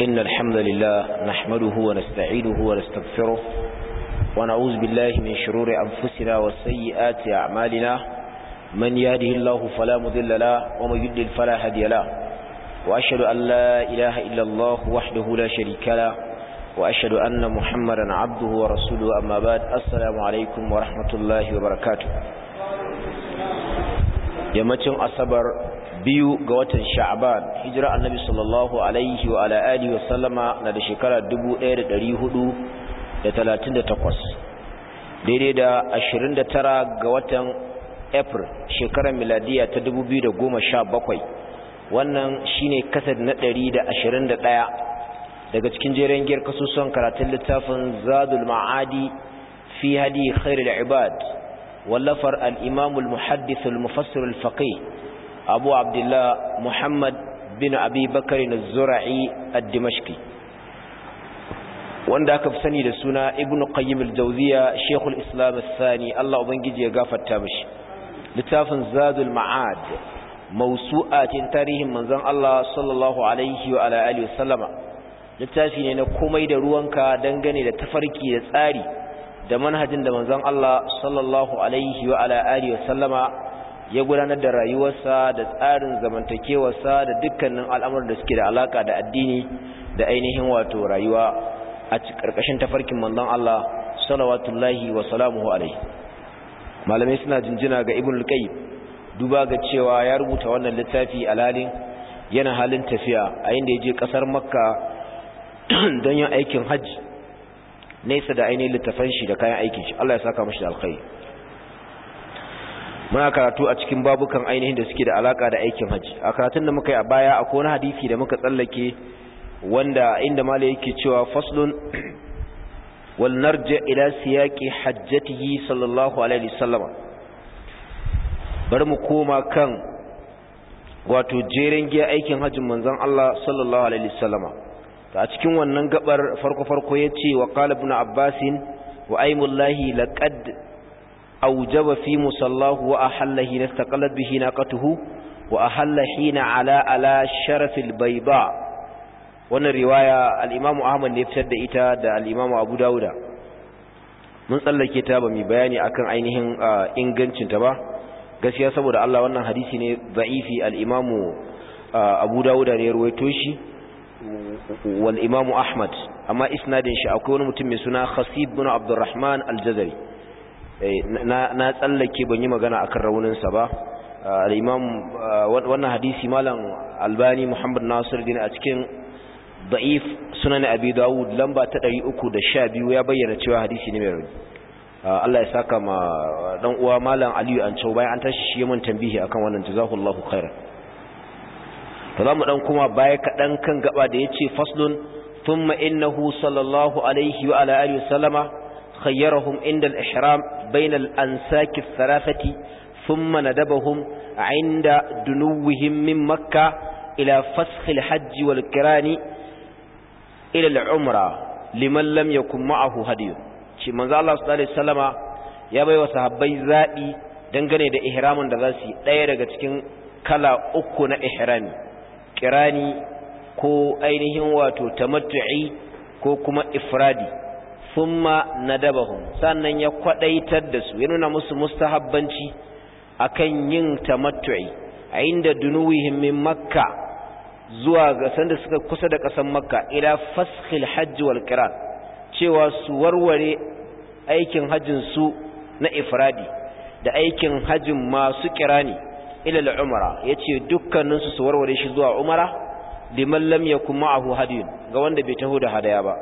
إن الحمد لله نحمده ونستعينه ونستغفره ونعوذ بالله من شرور أنفسنا وسيئات أعمالنا من يهده الله فلا مذل له ومن يدل فلا هدي له وأشهد أن لا إله إلا الله وحده لا شريك له وأشهد أن محمدا عبده ورسوله أما بعد السلام عليكم ورحمة الله وبركاته yammacin asabar biyu ga watan sha'aban hijira annabi sallallahu alaihi wa ala alihi wa sallama na da shekara 1438 daidai da 29 ga watan april shekarar miladiya ta 2017 wannan shine kasar na 121 daga cikin jeren giyar kasusuwan karatun littafin zadul ma'adi fi hadi khairul ibad wallafar al imamul al-muhaddith al-mufassir abu abdullah muhammad bin abi bakr az-zura'i ad wanda aka fi sani da suna ibnu qayyim al-jawziya shaykh al-islam ath-thani Allah ubangiji ya gafarta mishi littafin zadul ma'ad mawsu'atin tarihin manzon Allah sallallahu littafi ne na komai da ruwanka dangane da tafarki da tsari da manhajin da manzon Allah sallallahu alaihi wa ala alihi wasallama ya gudanar da rayuwarsa da tsarin zamantakewarsa da dukkanin al'amuran da suke da alaka da addini da ainihin wato rayuwa a karkashin tafarkin manzon Allah alaihi wa salamuhu alaihi malamai suna jinjina ga ibn al qayy duba ga cewa ya rubuta wannan littafi alalin yana halin tafiya a inda je ƙasar makka don yin aikin hajji nesa da ainihin littafan shi da kayan aikin shi Allah ya saka mashi da alkhairi muna karatu a cikin babukan ainihin da suke da alaka da aikin haji a karatun da muka yi a baya akwai wani hadisi da muka tsallake wanda inda mala yake cewa faslun wal narja ila siyaqi hajjatihi sallallahu alaihi wasallama bari mu koma kan wato jeren giya aikin hajjin manzon Allah sallallahu alaihi wasallama a cikin wannan gabar farko farko yace wa qala abbasin abbas wa aymullahi laqad awjaba fi musallahu wa ahalla na istaqallat bihi naqatuhu wa ahalla ala ala sharafil ba. wannan riwaya al ahmad ne fitar da ita da al abu dauda mun tsallake ta ba mu bayani akan ainihin ingancin ta ba gaskiya saboda Allah wannan hadisi ne za'ifi al abu dauda ne ya ruwaito shi wal imam ahmad amma isnadin shi akwai wani mutum mai suna khasib bin abdurrahman al-jazari na tsallake ban yi magana akan raunin sa ba al hadisi malam albani muhammad nasiruddin a cikin ba'if sunan abi dawud lamba ta ɗari uku 312 ya bayyana cewa hadisi ne mai rauni Allah ya saka ma dan uwa malam aliyu an cewa bayan an tashi shi mun tambihi akan wannan jazakallahu khair. to za mu ɗan kuma baya kaɗan kan gaba da ya ce faslun thumma innahu sallallahu alaihi wa ala alihi sallama khayyarahum inda al-ihram bayna al na thalathati thumma a inda dunuwihim min makka ila fasakh hajji wal kirani ila al-umra liman lam yakun ma'ahu hadiyu shi manzo Allah sallallahu alaihi wasallama ya baiwa sahabbai zaɓi dangane da ihramin da za su yi daga cikin kala uku na ihrami kirani ko ainihin wato tamattu'i ko kuma ifradi thumma nadabahum sannan ya kwadaitar da su yana nuna musu mustahabbanci akan yin tamattu'i a inda dunuwihim min makka zuwa ga sanda suka kusa da kasan makka ila faskhil hajj wal qiran cewa su warware aikin hajjin su na ifradi da aikin hajjin masu kirani ilal umara yace dukkanin su su warware shi zuwa umara liman lam yakun ma'ahu hadiyun ga wanda bai taho da hadaya ba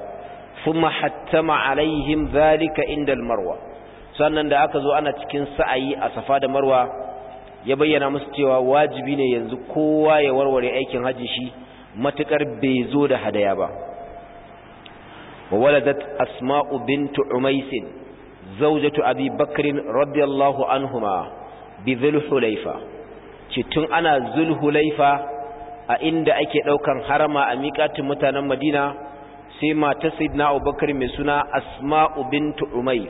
thumma hattama alaihim zalika inda marwa sannan da aka zo ana cikin sa'ayi a safa da marwa ya bayyana musu cewa wajibi ne yanzu kowa ya warware aikin haji shi matukar bai zo da hadaya ba waladat asma'u bintu umaisin zawjatu abi bakrin radiyallahu ma bi dhul hulayfa ce tun ana zulhulaifa a inda ake ɗaukan harama a miƙatin mutanen madina sai mata sayyidina abubakar mai suna asma'u bintu umais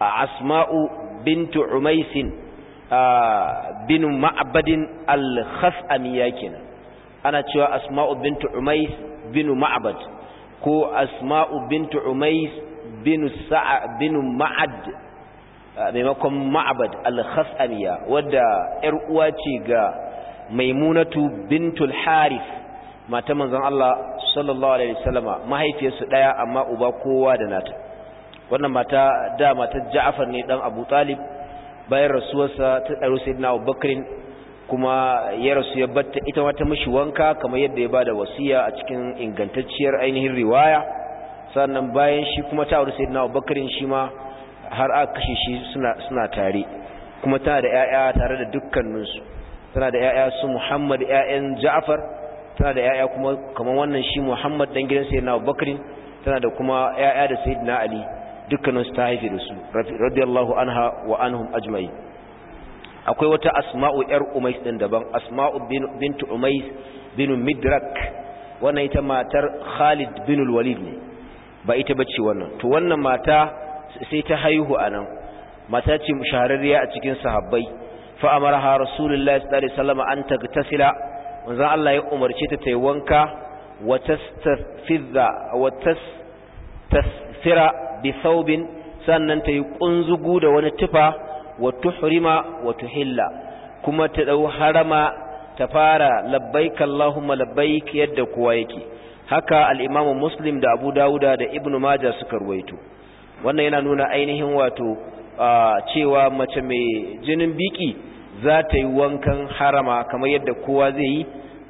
a asma'u bintu umaisin bin ma'abadin al-khas'amiya kenan ana cewa asma'u bintu umais bin ma'abad ko asma'u bintu umais bin sa'a bin ma'ad maimakon ma'abad al-khas'amiya wadda ‘yar uwa ce ga maimunatu bintul harif mata manzon Allah sallallahu Alaihi wasallama mahaifiyarsu ɗaya amma uba kowa da nata wannan mata da mata ja'afar ne ɗan abu talib bayan rasuwarsa ta ɗaro sai na kuma ya rasu ya batta ita wata mashi wanka kamar yadda ya bada wasiya a cikin ingantacciyar ainihin riwaya sannan bayan shi kuma ta auri sai na shi ma har aka kashe shi suna tare kuma tana da 'ya'ya tare da dukkaninsu tana da 'ya'ya su muhammad 'ya'yan ja'afar tana da 'ya'ya kuma kamar wannan shi muhammad dan gidan sayyidina abubakar tana da kuma 'ya'ya da sayyidina ali dukkaninsu ta haife da su radiyallahu anha wa anhum ajma'i akwai wata asma'u yar umais din daban asma'u bintu umais bin midrak wannan ita matar khalid bin walid ne ba ita bace wannan to wannan mata sai ta haihu anan mata ce shahararriya a cikin sahabbai fa amaraha rasulullahi sallallahu alaihi wasallam an tagtasila manzon Allah ya umarce ta tayi wanka wa tastafidha wa tastasfira bi thawbin sannan tayi kunzugu da wani tufa wa tuhrima wa tuhilla kuma ta dau harama ta fara labbaik allahumma labbaik yadda kowa yake haka al-imamu muslim da abu dauda da ibnu majah suka ruwaito wannan yana nuna ainihin wato cewa mace mai jinin biki za ta yi wankan harama kamar yadda kowa zai yi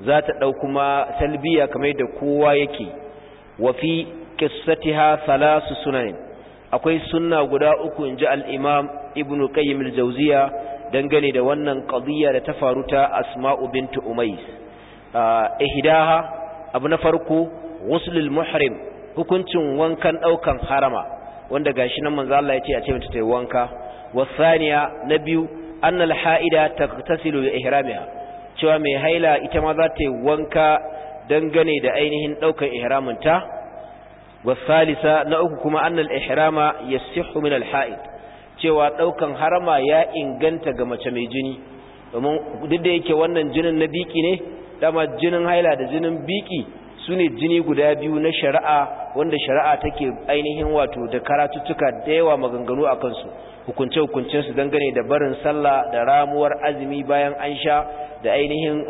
za ta ɗau kuma talbiya kamar yadda kowa yake wafi kissatiha salasu sunanin akwai sunna guda uku in ji al'imam ibn qayyim jauziya dangane da wannan ƙaziyya da ta faru ta asma'u bintu umais ihdaha abu na farko ghuslul muhrim hukuncin wankan ɗaukan harama wanda gashi nan manzo Allah yace a ce mata ta yi wanka wasaniya na biyu annal ha'ida taktasilu bi ihramiha cewa mai haila ita ma za ta yi wanka dangane da ainihin daukar ihramin ta wasalisa na uku kuma annal ihrama yasihhu min al ha'id cewa daukan harama ya inganta ga mace mai jini domin duk da yake wannan jinin na biki ne dama jinin haila da jinin biki su ne jini guda biyu na shari'a wanda shari'a take ainihin wato da karatuttuka da yawa maganganu a kansu hukunce-hukuncensu dangane da barin sallah da ramuwar azumi bayan an sha da ainihin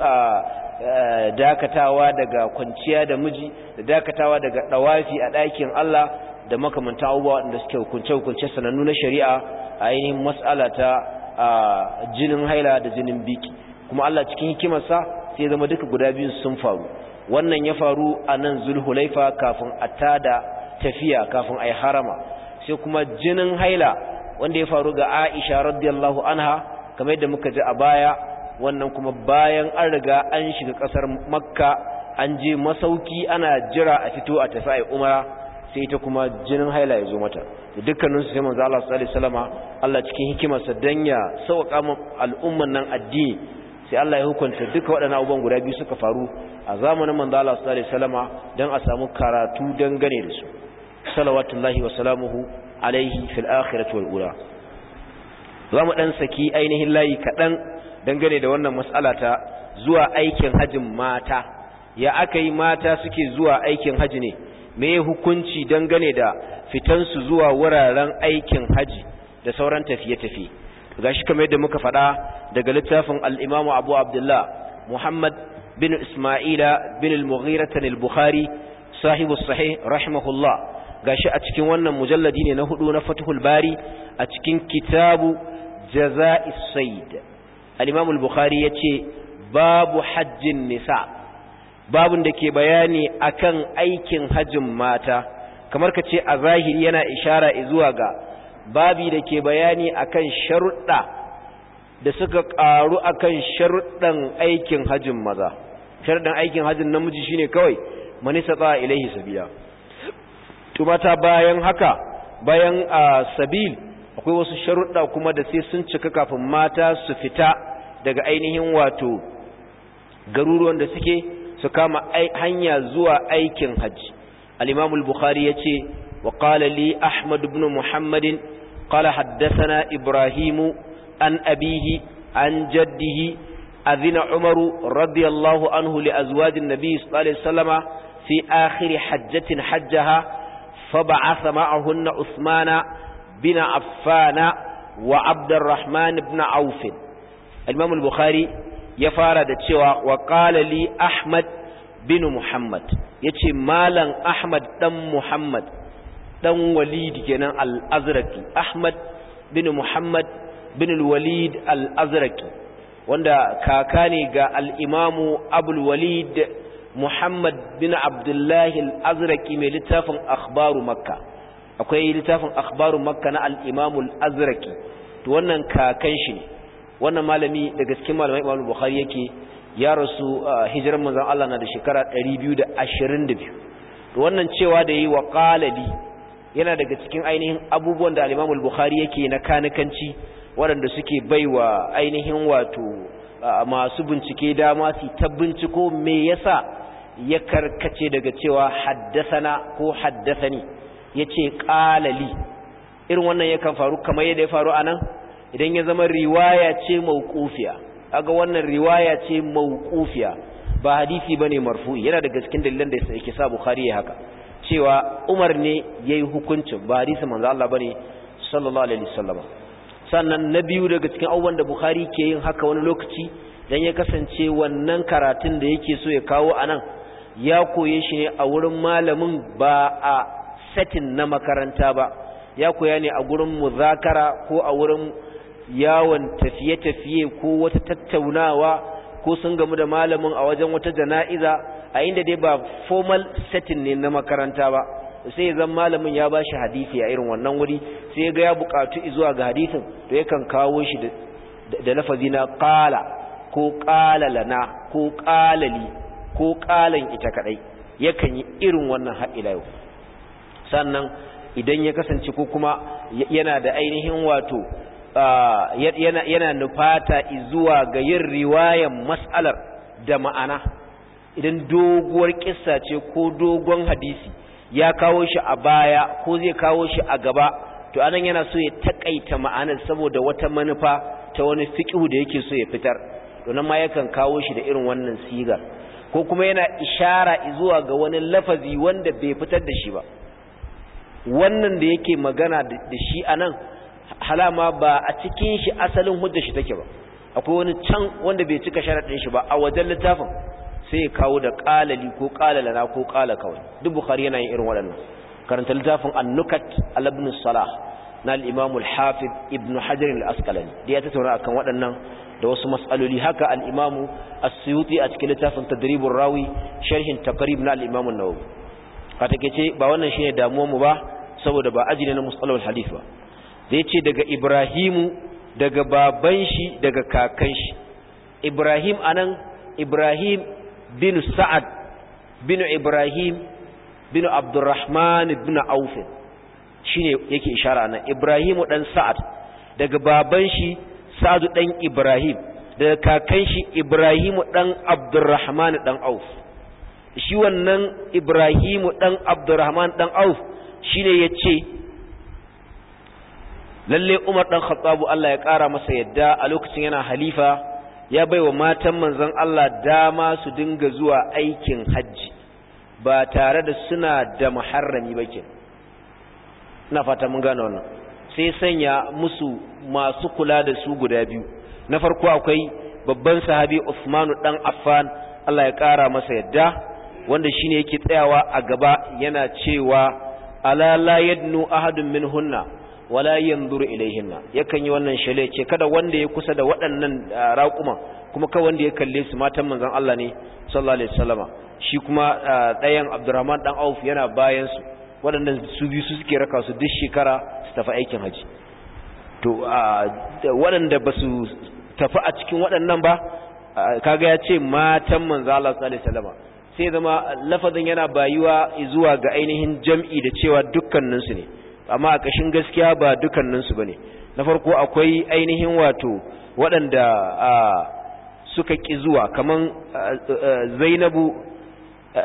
dakatawa daga kwanciya da miji da dakatawa daga dawafi a ɗakin Allah da makamanta abubuwa waɗanda suke hukunce-hukunce sanannu na shari'a a ainihin matsala ta jinin haila da jinin biki kuma Allah cikin hikimarsa sai zama duka guda biyu sun faru wannan ya faru a nan zulhulaifa kafin a tada tafiya kafin a yi harama sai kuma jinin haila wanda ya faru ga aisha radiyallahu anha kamar yadda muka ji a baya wannan kuma bayan an riga an shiga kasar makka an je masauki ana jira a fito a tafi a umara sai ta kuma jinin haila ya zo mata dukkaninsu sai manzo Allah sallallahu alaihi wasallama Allah cikin hikimarsa dan ya sauƙa al'umman nan addini sai Allah ya hukunta duka waɗannan abubuwan guda biyu suka faru a zamanin manzo Allah sallallahu alaihi wasallama dan a samu karatu dangane da su salawatullahi wa salamuhu alaihi fil akhirati wal ula zamu dan saki ainihin layi kadan dangane da wannan mas'ala ta zuwa aikin hajin mata ya akai mata suke zuwa aikin haji ne me hukunci dangane da fitan su zuwa wuraren aikin haji da sauran tafiye-tafiye gashi kamar yadda muka faɗa daga littafin al-Imam Abu Abdullah Muhammad bin Isma'ila bin al-Mughira al-Bukhari sahibu sahih rahimahullah gashi a cikin wannan mujalladi ne na hudu na fatuhul Bari a cikin kitabu Jaza'is Sayyid al-Imam al-Bukhari yace babu hajjin nisa babun da ke bayani akan aikin hajjin mata kamar ka ce a zahiri yana ishara zuwa ga babi da ke bayani akan sharuɗa da suka ƙaru akan sharuɗan aikin hajjin maza sharuɗan aikin hajjin namiji shine kawai manisa a ilaihi sabiya tumata bayan haka bayan a sabil akwai wasu sharuɗa kuma da sai sun cika kafin mata su fita daga ainihin wato garuruwan da suke su kama hanya zuwa aikin hajji al-imamul bukhari ce. وقال لي أحمد بن محمد قال حدثنا إبراهيم عن أبيه عن جده أذن عمر رضي الله عنه لأزواج النبي صلى الله عليه وسلم في آخر حجة حجها فبعث معهن عثمان بن عفان وعبد الرحمن بن عوف الإمام البخاري يفارد تشوى وقال لي أحمد بن محمد يتشي مالا أحمد تم محمد dan walid kenan al-azraqi ahmad bin muhammad bin al-walid al-azraqi wanda kaka ne ga al-imamu abul walid muhammad bin abdullahi al-azraqi mai littafin akhbaru makka akwai littafin akhbaru makka na al-imamu al-azraqi to wannan kakan shi ne wannan malami daga cikin malamai imamu bukhari yake ya rasu hijiran manzon Allah na da shekara 222 to wannan cewa da yi wa qalali yana daga cikin ainihin abubuwan da al-Imam bukhari yake na kanikanci waɗanda suke baiwa ainihin wato masu bincike dama su ta binciko me yasa ya karkace daga cewa haddasana ko haddasani yace ƙalali irin wannan ya kan faru kamar yadda ya faru anan idan ya zama riwaya ce mauqufiya kaga wannan riwaya ce mauqufiya ba hadisi ba ne marfu'i yana daga cikin dalilan da yake sa Bukhari ya haka cewa Umar ne ya yi hukuncin ba hadisin manzo Allah bane sallallahu alaihi wasallam sannan na biyu daga cikin abubuwan da Buhari ke yin haka wani lokaci dan ya kasance wannan karatun da yake so ya kawo anan ya koye shi ne a wurin malamin ba a setting na makaranta ba ya koya ne a gurin muzakara ko a wurin yawon tafiye-tafiye ko wata tattaunawa ko sun gamu da malamin a wajen wata jana'iza a inda dai ba formal setting ne na makaranta ba sai zan malamin ya ba shi hadisi a irin wannan wuri sai ga ya bukatu zuwa ga hadisin to yakan kawo shi da lafazi na qala ko qala lana ko li ko qalan ita kadai yakan yi irin wannan haila yau sannan idan ya kasance ko kuma yana da ainihin wato yana nufata zuwa ga yin riwayan mas'alar da ma'ana idan doguwar kissa ce ko dogon hadisi ya kawo shi a baya ko zai kawo shi a gaba to anan yana so ya takaita ma'anar saboda wata manufa ta wani fiqhu da yake so ya fitar to nan ma yakan kawo shi da irin wannan sigar ko kuma yana ishara zuwa ga wani lafazi wanda bai fitar da shi ba wannan da yake magana da shi anan halama ba a cikin shi asalin hujjar shi take ba akwai wani can wanda bai cika sharadin shi ba a wajen littafin sai ya kawo da kalali ko kalalana ko kala kawai duk bukhari yana yin irin waɗannan karanta littafin annukat nukat al-ibn salah na al-imam al ibn hajar al-asqalani da ya tattauna akan waɗannan da wasu mas'aloli haka al-imam as-suyuti a cikin littafin tadribur rawi sharhin taqrib na al-imam an-nawawi ka take ce ba wannan shine damuwar mu ba saboda ba ajiye na musallar hadith ba zai ce daga ibrahimu daga baban shi daga kakan shi ibrahim anan ibrahim bin sa'ad bin ibrahim bin abdurrahman bin auf shine yake ishara nan ibrahimu dan sa'ad daga baban shi sa'adu dan ibrahim da kakanshi shi ibrahimu dan abdurrahman dan auf shi wannan ibrahimu dan abdurrahman dan auf shine yace lallai umar dan khattabu Allah ya ƙara masa yadda a lokacin yana halifa ya baiwa matan manzon Allah dama su dinga zuwa aikin hajji ba tare da suna da muharrami ba ke na fata mun gano wannan sai sanya musu masu kula da su guda biyu na farko akwai babban sahabi Uthman dan Affan Allah ya kara masa yadda wanda shine yake tsayawa a gaba yana cewa ala la yadnu ahadun minhunna wala ilaihin na yakan yi wannan shele ce kada wanda ya kusa da waɗannan raƙuma kuma ka wanda ya kalle su matan manzon Allah ne sallallahu alaihi wasallama shi kuma ɗayan Abdurrahman dan Auf yana bayan su waɗannan su biyu su suke raka su duk shekara su tafi aikin haji to waɗanda ba su tafi a cikin waɗannan ba kaga ya ce matan manzon Allah sallallahu alaihi wasallama sai zama lafazin yana bayuwa zuwa ga ainihin jam'i da cewa dukkaninsu ne amma a ƙashin gaskiya ba dukanninsu ba ne na farko akwai ainihin wato waɗanda suka ƙi zuwa kamar zainabu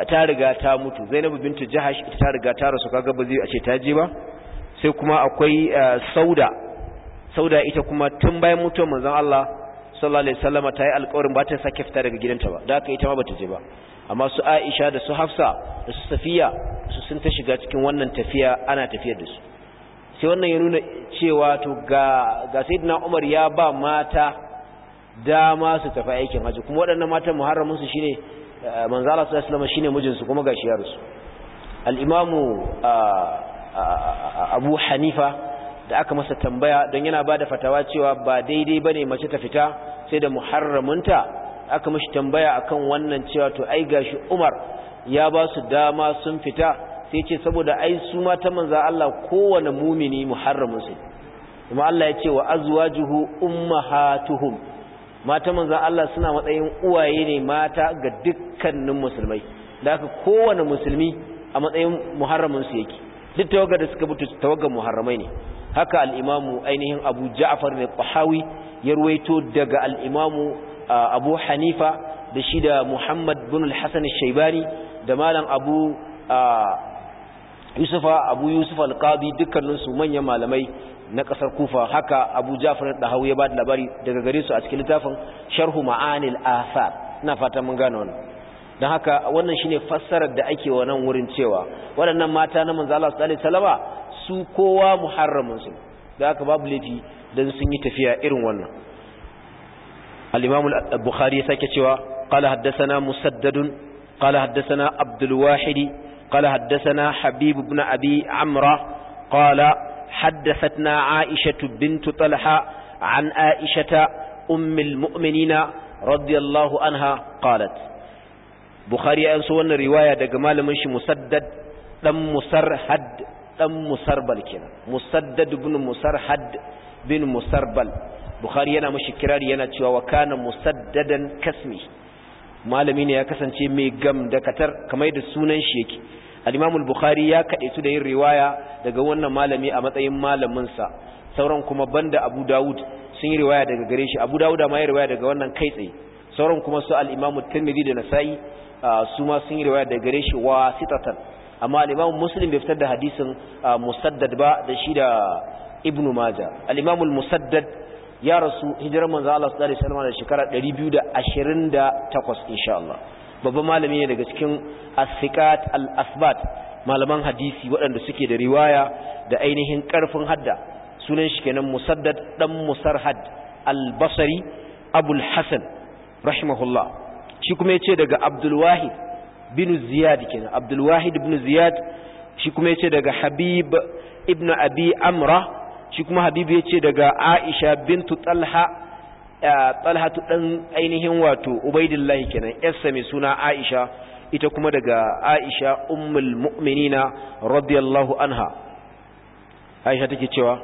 ta riga ta mutu zainabu bintu jahash ta riga ta rasu kaga ba zai a ce ta je ba sai kuma akwai sauda sauda ita kuma tun bayan mutuwar manzon Allah sallallahu alaihi wasallam ta yi alƙawarin ba ta sake fita daga gidanta ba da haka ita ma ba ta je ba amma su aisha da su hafsa da su safiya su sun ta shiga cikin wannan tafiya ana tafiyar da su sai wannan ya nuna cewa to ga saidina umar ya ba mata dama su tafi aikin haji kuma waɗannan matan muharramin shine eh, manzo Allah sallallahu shi ne mijinsu kuma gashi yaro su ah, ah, Abu Hanifa da aka masa tambaya don yana ba da fatawa cewa ba daidai bane mace ta fita sai da muharramunta aka mishi tambaya akan wannan cewa to ai gashi Umar ya ba su dama sun fita sai ce saboda ai su mata manza Allah kowane mumini muharramin su kuma Allah ya ce wa azwajuhu ummahatuhum mata manza Allah suna matsayin uwaye ne mata ga dukkanin musulmai da haka kowane musulmi a matsayin muharramin su yake duk tawaga da suka mutu tawaga muharramai ne haka al-imamu ainihin Abu Ja'far ne Qahawi ya daga al-imamu abu hanifa da shi da muhammad bin al-hassan shaibani da malam abu yusufa abu yusuf al-qadi dukkaninsu manyan malamai na kasar kufa haka abu jafar da hau ya ba da labari daga gare su a cikin littafin sharhu ma'anil asar na fatan mun gane wani. don haka wannan shine fassarar da ake wa nan wurin cewa waɗannan mata na manzo Allah sallallahu alaihi su kowa muharramin su da haka babu laifi dan sun yi tafiya irin wannan الإمام البخاري سكتوا قال حدثنا مسدد قال حدثنا عبد الواحد قال حدثنا حبيب بن أبي عمرة قال حدثتنا عائشة بنت طلحة عن عائشة أم المؤمنين رضي الله عنها قالت بخاري أنسوان رواية دقمال منش مسدد لم مسر مسرحد لم مسربل كنا مسدد بن مسر مسرحد بن مسربل bukhari yana mashi kirari yana cewa wa kana musaddadan kasmi malami ne ya kasance mai gam da katar kamar da sunan shi yake al-imam al-bukhari ya kade su da yin riwaya daga wannan malami a matsayin malamin sa sauran kuma banda abu dawud sun yi riwaya daga gare shi abu dawuda ma ya riwaya daga wannan kai tsaye sauran kuma su al-imam at-tirmidhi da nasa'i su ma sun yi riwaya daga gare shi wasitatan amma al-imam muslim bai fitar da hadisin musaddad ba da shi da ibnu majah al-imam al-musaddad ya rasu hijirar manzo Allah sallallahu alaihi wasallam da shekara 228 insha Allah babban malami ne daga cikin as al-asbat malaman hadisi waɗanda suke da riwaya da ainihin ƙarfin hadda sunan shi kenan musaddad dan musarhad al-basri abul hasan rahimahullah shi kuma yace daga abdul wahid bin ziyad kenan abdul wahid bin ziyad shi kuma yace daga habib Ibn abi amra shi kuma habibu ya ce daga aisha bintu talha talha ɗan ainihin wato ubaidillahi kenan yarsa mai suna aisha ita kuma daga aisha ummul mu'minina radiyallahu anha aisha take cewa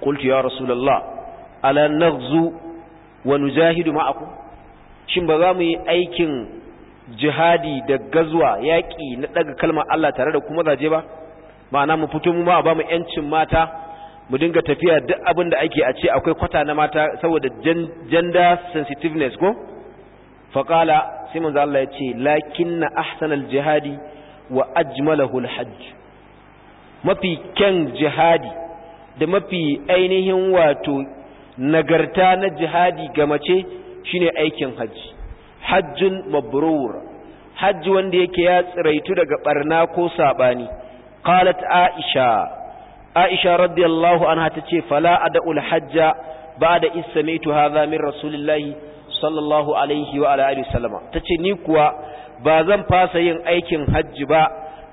qultu ya rasulullah ala naghzu wa nujahidu ma'akum shin ba za mu yi aikin jihadi da gazuwa yaƙi na daga kalmar Allah tare da kuma zaje ba ma'ana mu fito mu ba mu yancin mata mu dinga tafiya duk abin da ake a ce akwai kwata na mata saboda gender sensitiveness ko faƙala sai manzo Allah ya ce lakin na ahsanal jihadi wa ajmalahul hajj mafi kyan jihadi da mafi ainihin wato nagarta na jihadi ga mace shine aikin hajji hajjun mabrur hajji wanda yake ya tsiraitu daga barna ko saɓani qalat aisha aisha radiyallahu anha ta ce, fala ad'ul hajja ba da ismaitu hadha min rasulillahi sallallahu alaihi wa ala alihi ta tace ni kuwa ba zan fasa yin aikin hajji ba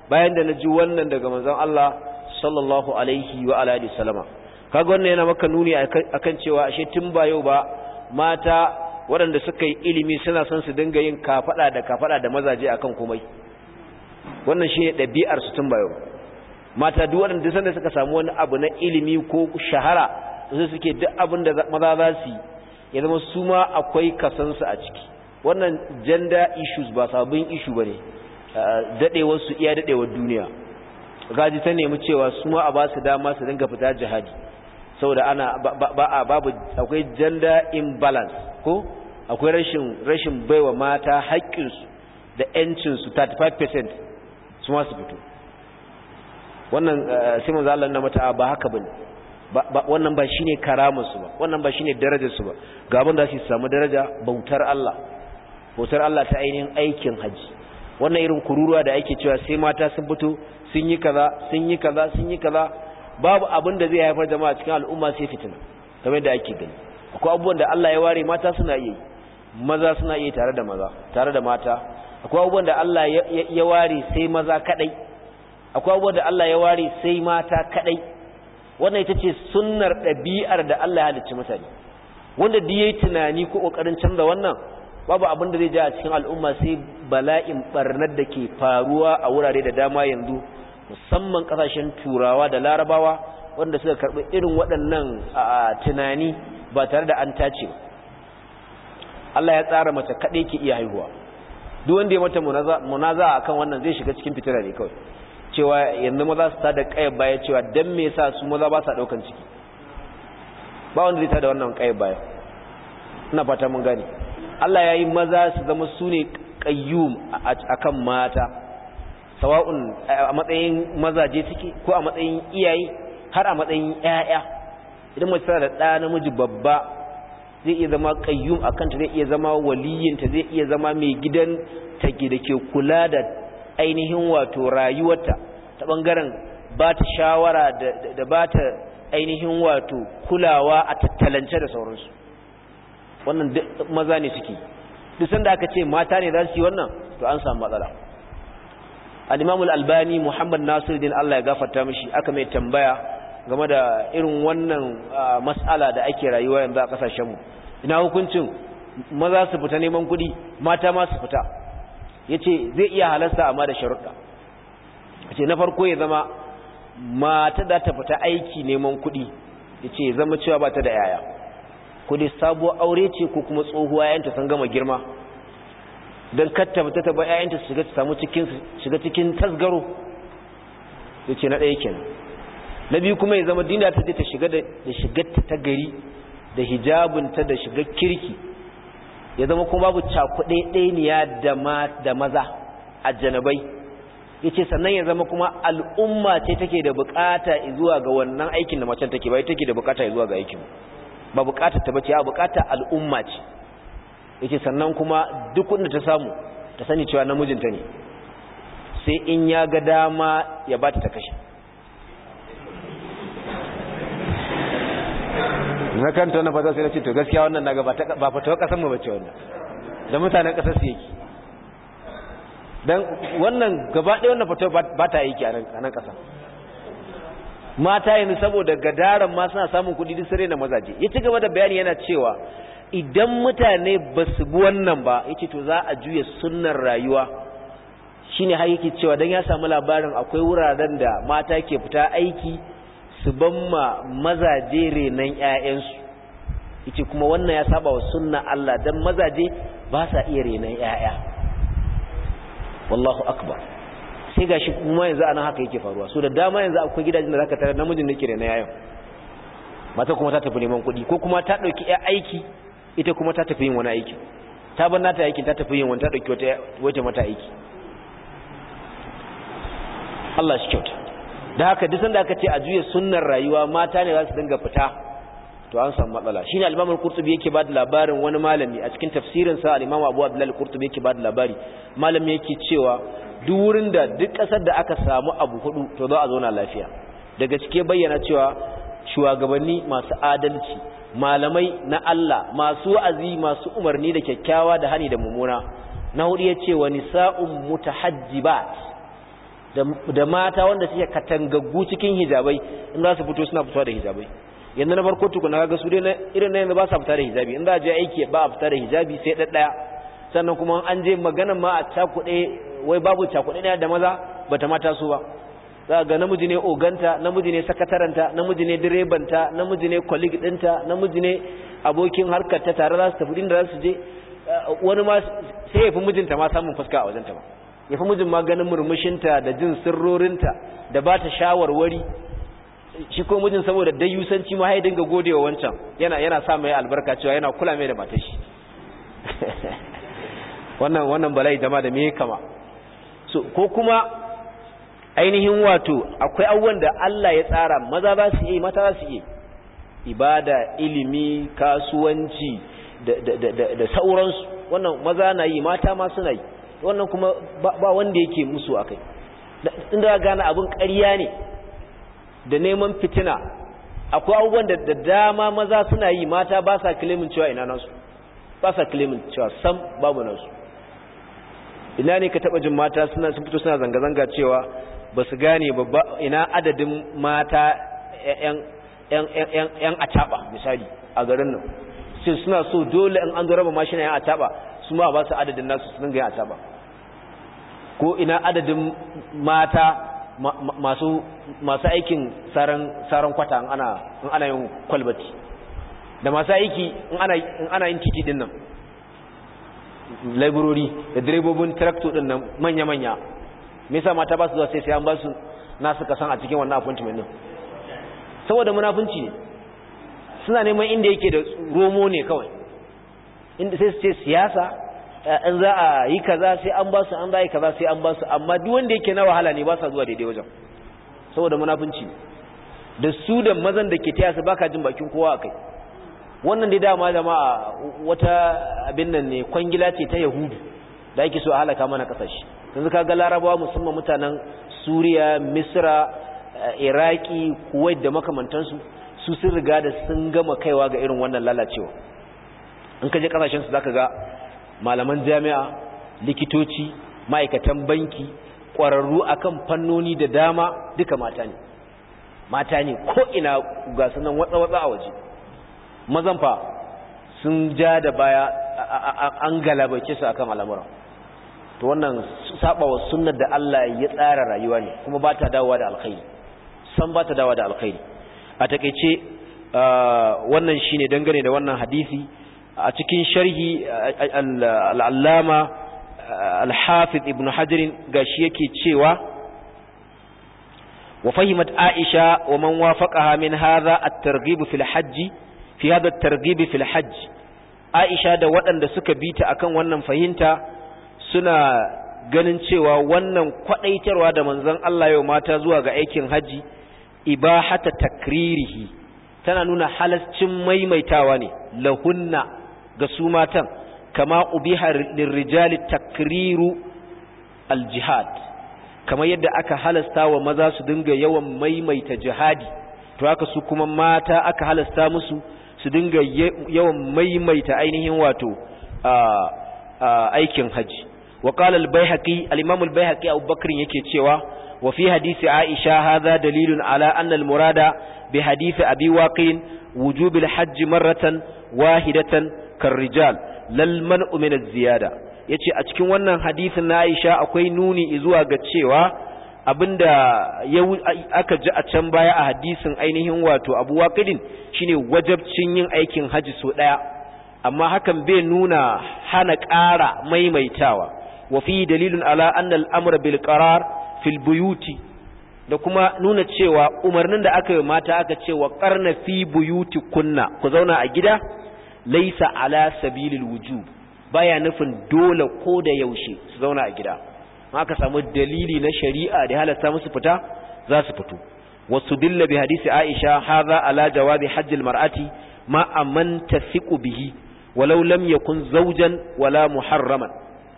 bayan da na ji wannan daga manzon Allah sallallahu alaihi wa ala alihi kaga wannan yana maka nuni akan cewa ashe tun ba yau ba mata waɗanda suka yi ilimi suna son su dinga yin kafada da kafada da mazaje akan komai wannan shine ɗabi'ar su tun ba yau ba. mata duk waɗanda sanda suka samu wani abu na ilimi ko shahara sai suke duk abin da maza za su ya zama su ma akwai kasansu a ciki wannan gender issues ba sabbin ishu ba ne ah, daɗewar su iya daɗewar duniya gaji ta nemi cewa su ma a ba su dama su dinga fita jihadi saboda ana ba a babu akwai gender imbalance ko akwai rashin rashin baiwa mata haƙƙinsu da 'yancinsu 35% su ma su fito wannan eh, sai manzo Allah na mata ah, ba haka bane wannan ba shine karamarsu su ba wannan ba shine darajar su ba ga abin da su samu daraja bautar Allah bautar Allah ta ainihin aikin haji wannan irin kururuwa da ake cewa sai mata sun fito sun yi kaza sun yi kaza sun yi kaza babu abin da zai haifar jama'a cikin al'umma sai fitina kamar da ake gani akwai abubuwan da Allah ya ware mata suna iya maza suna iya tare da maza tare da mata akwai abubuwan da Allah ya ware sai maza kadai akwai abubuwan da Allah ya ware sai mata kaɗai, wannan ita ce sunnar ɗabi'ar da Allah ya halicci mutane wanda da yayi tunani ko kokarin canza wannan babu abin da zai ja a cikin al'umma sai bala'in barnar da ke faruwa a wurare da dama yanzu musamman kasashen turawa da larabawa wanda suka karɓi irin waɗannan tunani ba tare da an tace ba. Allah ya tsara mace kaɗai ke iya haihuwa duk wanda ya mata munaza akan wannan zai shiga cikin fitina ne kawai cewa yanzu maza su tada kayan baya cewa don me yasa su maza ba sa daukan ciki ba wanda zai tada wannan kayan baya ina fata mun gani Allah ya yi maza su zama su ne a akan mata sawa'un a matsayin mazaje suke ko a matsayin iyaye har a matsayin ƴaƴa idan mace tana da ɗa namiji babba zai iya zama kayyum akan ta zai iya zama waliyinta zai iya zama mai gidan ta da ke kula da ainihin wato rayuwarta ta bangaren ba ta shawara da ba ta ainihin wato kulawa a tattalance da sauransu wannan maza ne suke duk sanda aka ce mata ne za su yi wannan to an samu matsala al albani muhammad nasiruddin Allah ya gafarta mishi aka mai tambaya game da irin wannan matsala da ake rayuwa yanzu a kasashen ina hukuncin maza su fita neman kuɗi mata ma su fita yace zai iya halasta amma da sharuɗa ce na farko ya zama mata da ta fita aiki neman kuɗi Ya ce zama cewa ba ta da yaya kuɗi sabuwa sabuwar aure ce ko kuma tsohuwa yanta sun gama girma don katta fita ta bai yayanta su samu cikin shiga cikin tasgaro na ɗaya kenan na biyu kuma ya zama dina ta je ta shiga da shiga ta gari da hijabinta da shiga kirki ya zama kuma babu cakuɗe ɗaniya da maza a janabai ya ce sannan ya zama kuma al'umma ce take da bukata zuwa ga wannan aikin da macen take bai take da bukata zuwa ga aikin ba bukata ta bace ya bukata al'umma ce ya ce sannan kuma duk wanda ta samu ta sani cewa namijinta ne sai in ya ga dama ya ba ta ta kashe na kanta wannan fata sai na ce to gaskiya wannan na gaba ba fatawa kasan mu bace wannan da mutanen kasar su yake dan wannan gaba ɗaya wannan fatawa ba ta yake a nan kasa mata yanzu saboda gadaran ma suna samun kuɗi duk sare na mazaje ya ci gaba da bayani yana cewa idan mutane ba su bi wannan ba ya ce to za a juya sunnar rayuwa shine har yake cewa dan ya samu labarin akwai wuraren da mata ke fita aiki su ban ma mazaje renan 'ya'yansu yace kuma wannan ya saba wa sunna Allah dan mazaje ba sa iya renan 'ya'ya wallahu akbar sai gashi kuma yanzu anan haka yake faruwa so da dama yanzu akwai gidajen da zaka tare namijin nake renan 'ya'yan mata kuma ta tafi neman kuɗi ko kuma ta ɗauki 'ya aiki ita kuma ta tafi yin wani aiki ta bar nata aikin ta tafi yin wani ta ɗauki wata mata aiki Allah shi kyauta da haka duk sanda aka ce a juya sunnar rayuwa mata ne za su dinga fita to an samu matsala shine al-Imam al-Qurtubi yake ba da labarin wani malami a cikin tafsirin sa al-Imam Abu Abdullah al-Qurtubi yake ba da labari malami yake cewa duk wurin da duk kasar da aka samu abu hudu to za a zauna lafiya Daga cike bayyana cewa shugabanni masu adalci malamai na Allah masu wa'azi masu umarni da kyakkyawa da hani da mumuna na hudu yace wa nisa'un mutahajjibat da mata wanda suke katangaggu cikin hijabai in za su fito suna fitowa da hijabai yanzu na farko tukuna ga su dai irin na yanzu ba su fita da hijabi in za a je aiki ba a fita da hijabi sai ɗaɗɗaya sannan kuma an je magana ma a cakuɗe wai babu cakuɗe ne da maza ba ta mata su ba za ga namiji ne oganta namiji ne sakataranta namiji ne direbanta namiji ne colleague ɗinta namiji ne abokin harkar ta tare za su tafi inda za su je wani ma sai ya fi mijinta ma samun fuska a wajenta ba ya fi mijin maganin murmushinta da jin sirrorinta da ba ta shawarwari shi ko mijin saboda dai yusanci ma ya gode godewa wancan yana yana sa mai albarka cewa yana kula mai da matashi. wannan wannan bala'i dama da me kama so ko kuma ainihin wato akwai abubuwan da Allah ya tsara maza ba su yi mata ba su yi ibada ilimi kasuwanci da da da, da sauransu wannan maza na yi mata ma suna yi wannan kuma ba wanda yake musu a kai inda ka gane abin ƙarya ne da neman fitina akwai abubuwan da dama maza suna yi mata ba sa kilimin cewa ina nasu ba sa kilimin cewa sam babu nasu ina ne ka taba jin mata suna sun fito suna zanga-zanga cewa ba su gane ba ina adadin mata yan ataba misali a garin nan sai suna so dole in an zo raba mashina yan ataba su ma ba su adadin nasu sun ga yan ataba ko ina adadin mata masu masu aikin saran saran kwata in ana in ana yin kwalbati da masu aiki in ana in ana yin titi din nan laburori da direbobin traktor din nan manya manya me yasa mata ba su zuwa sai sai an ba su nasu kasan a cikin wannan appointment din saboda munafunci ne suna neman inda yake da romo ne kawai inda sai su ce siyasa in za a yi kaza sai an ba su an za a yi kaza sai an ba su amma duk wanda yake na wahala ne ba sa zuwa daidai wajen saboda munafunci da su da mazan da ke taya su baka jin bakin kowa a kai wannan dai dama jama'a wata abin nan ne kwangila ce ta yahudu da ake so a halaka mana kasashe yanzu ka ga larabawa musamman mutanen suriya misra eh, iraki kuwait da makamantansu su sun riga da sun gama kaiwa ga irin wannan lalacewa in ka je kasashen su zaka ga malaman jami'a likitoci ma'aikatan banki ƙwararru akan fannoni da dama duka mata ne mata ne ko ina ga sunan watsa-watsa a waje mazan fa sun ja da baya an galabace su akan alamura. to wannan saba wa sunnar da Allah ya tsara rayuwa ne kuma ba ta dawowa da alkhairi san ba ta dawowa da alkhairi a takaice wannan shine dangane da wannan hadisi a cikin sharhi al'allama al-hafiz ibn hajarin gashi yake cewa wa fahimat aisha wa man wafaqaha min hadha at-targhib fil hajj fi hadha at-targhib fil hajj aisha da waɗanda suka bita akan wannan fahimta suna ganin cewa wannan kwadaitarwa da manzon Allah yau mata zuwa ga aikin haji ibahata takririhi tana nuna halascin maimaitawa ne lahunna ga su matan kama ubiha lirrijali takriru aljihad kamar yadda aka halasta wa maza su dinga yawan maimaita jihadi to haka su kuma mata aka halasta musu su dinga yawan maimaita ainihin wato aikin haji wa qala al-baihaqi al-imam yake cewa wa fi hadisi Aisha haza dalilun ala anna murada bi hadisi Abi Waqin wujub al marratan wahidatan karrijal lal man min ziyada yace a cikin wannan hadisin na Aisha akwai nuni zuwa ga cewa abinda ya aka ji a can baya a hadisin ainihin wato Abu Waqidin shine wajabcin yin aikin haji so ɗaya. amma hakan bai nuna hana ƙara maimaitawa wa fi ala anna al-amra bil qarar fil buyuti da kuma nuna cewa umarnin da aka yi mata aka ce wa fi buyuti kunna ku zauna a gida laisa ala sabilil wujub baya nufin dole ko da yaushe su zauna a gida ma ka samu dalili na shari'a da halatta musu fita za su fito wasu dilla bi hadisi aisha hadha ala jawabi hajjil mar'ati ma amman tasiqu bihi walau lam yakun zawjan wala muharraman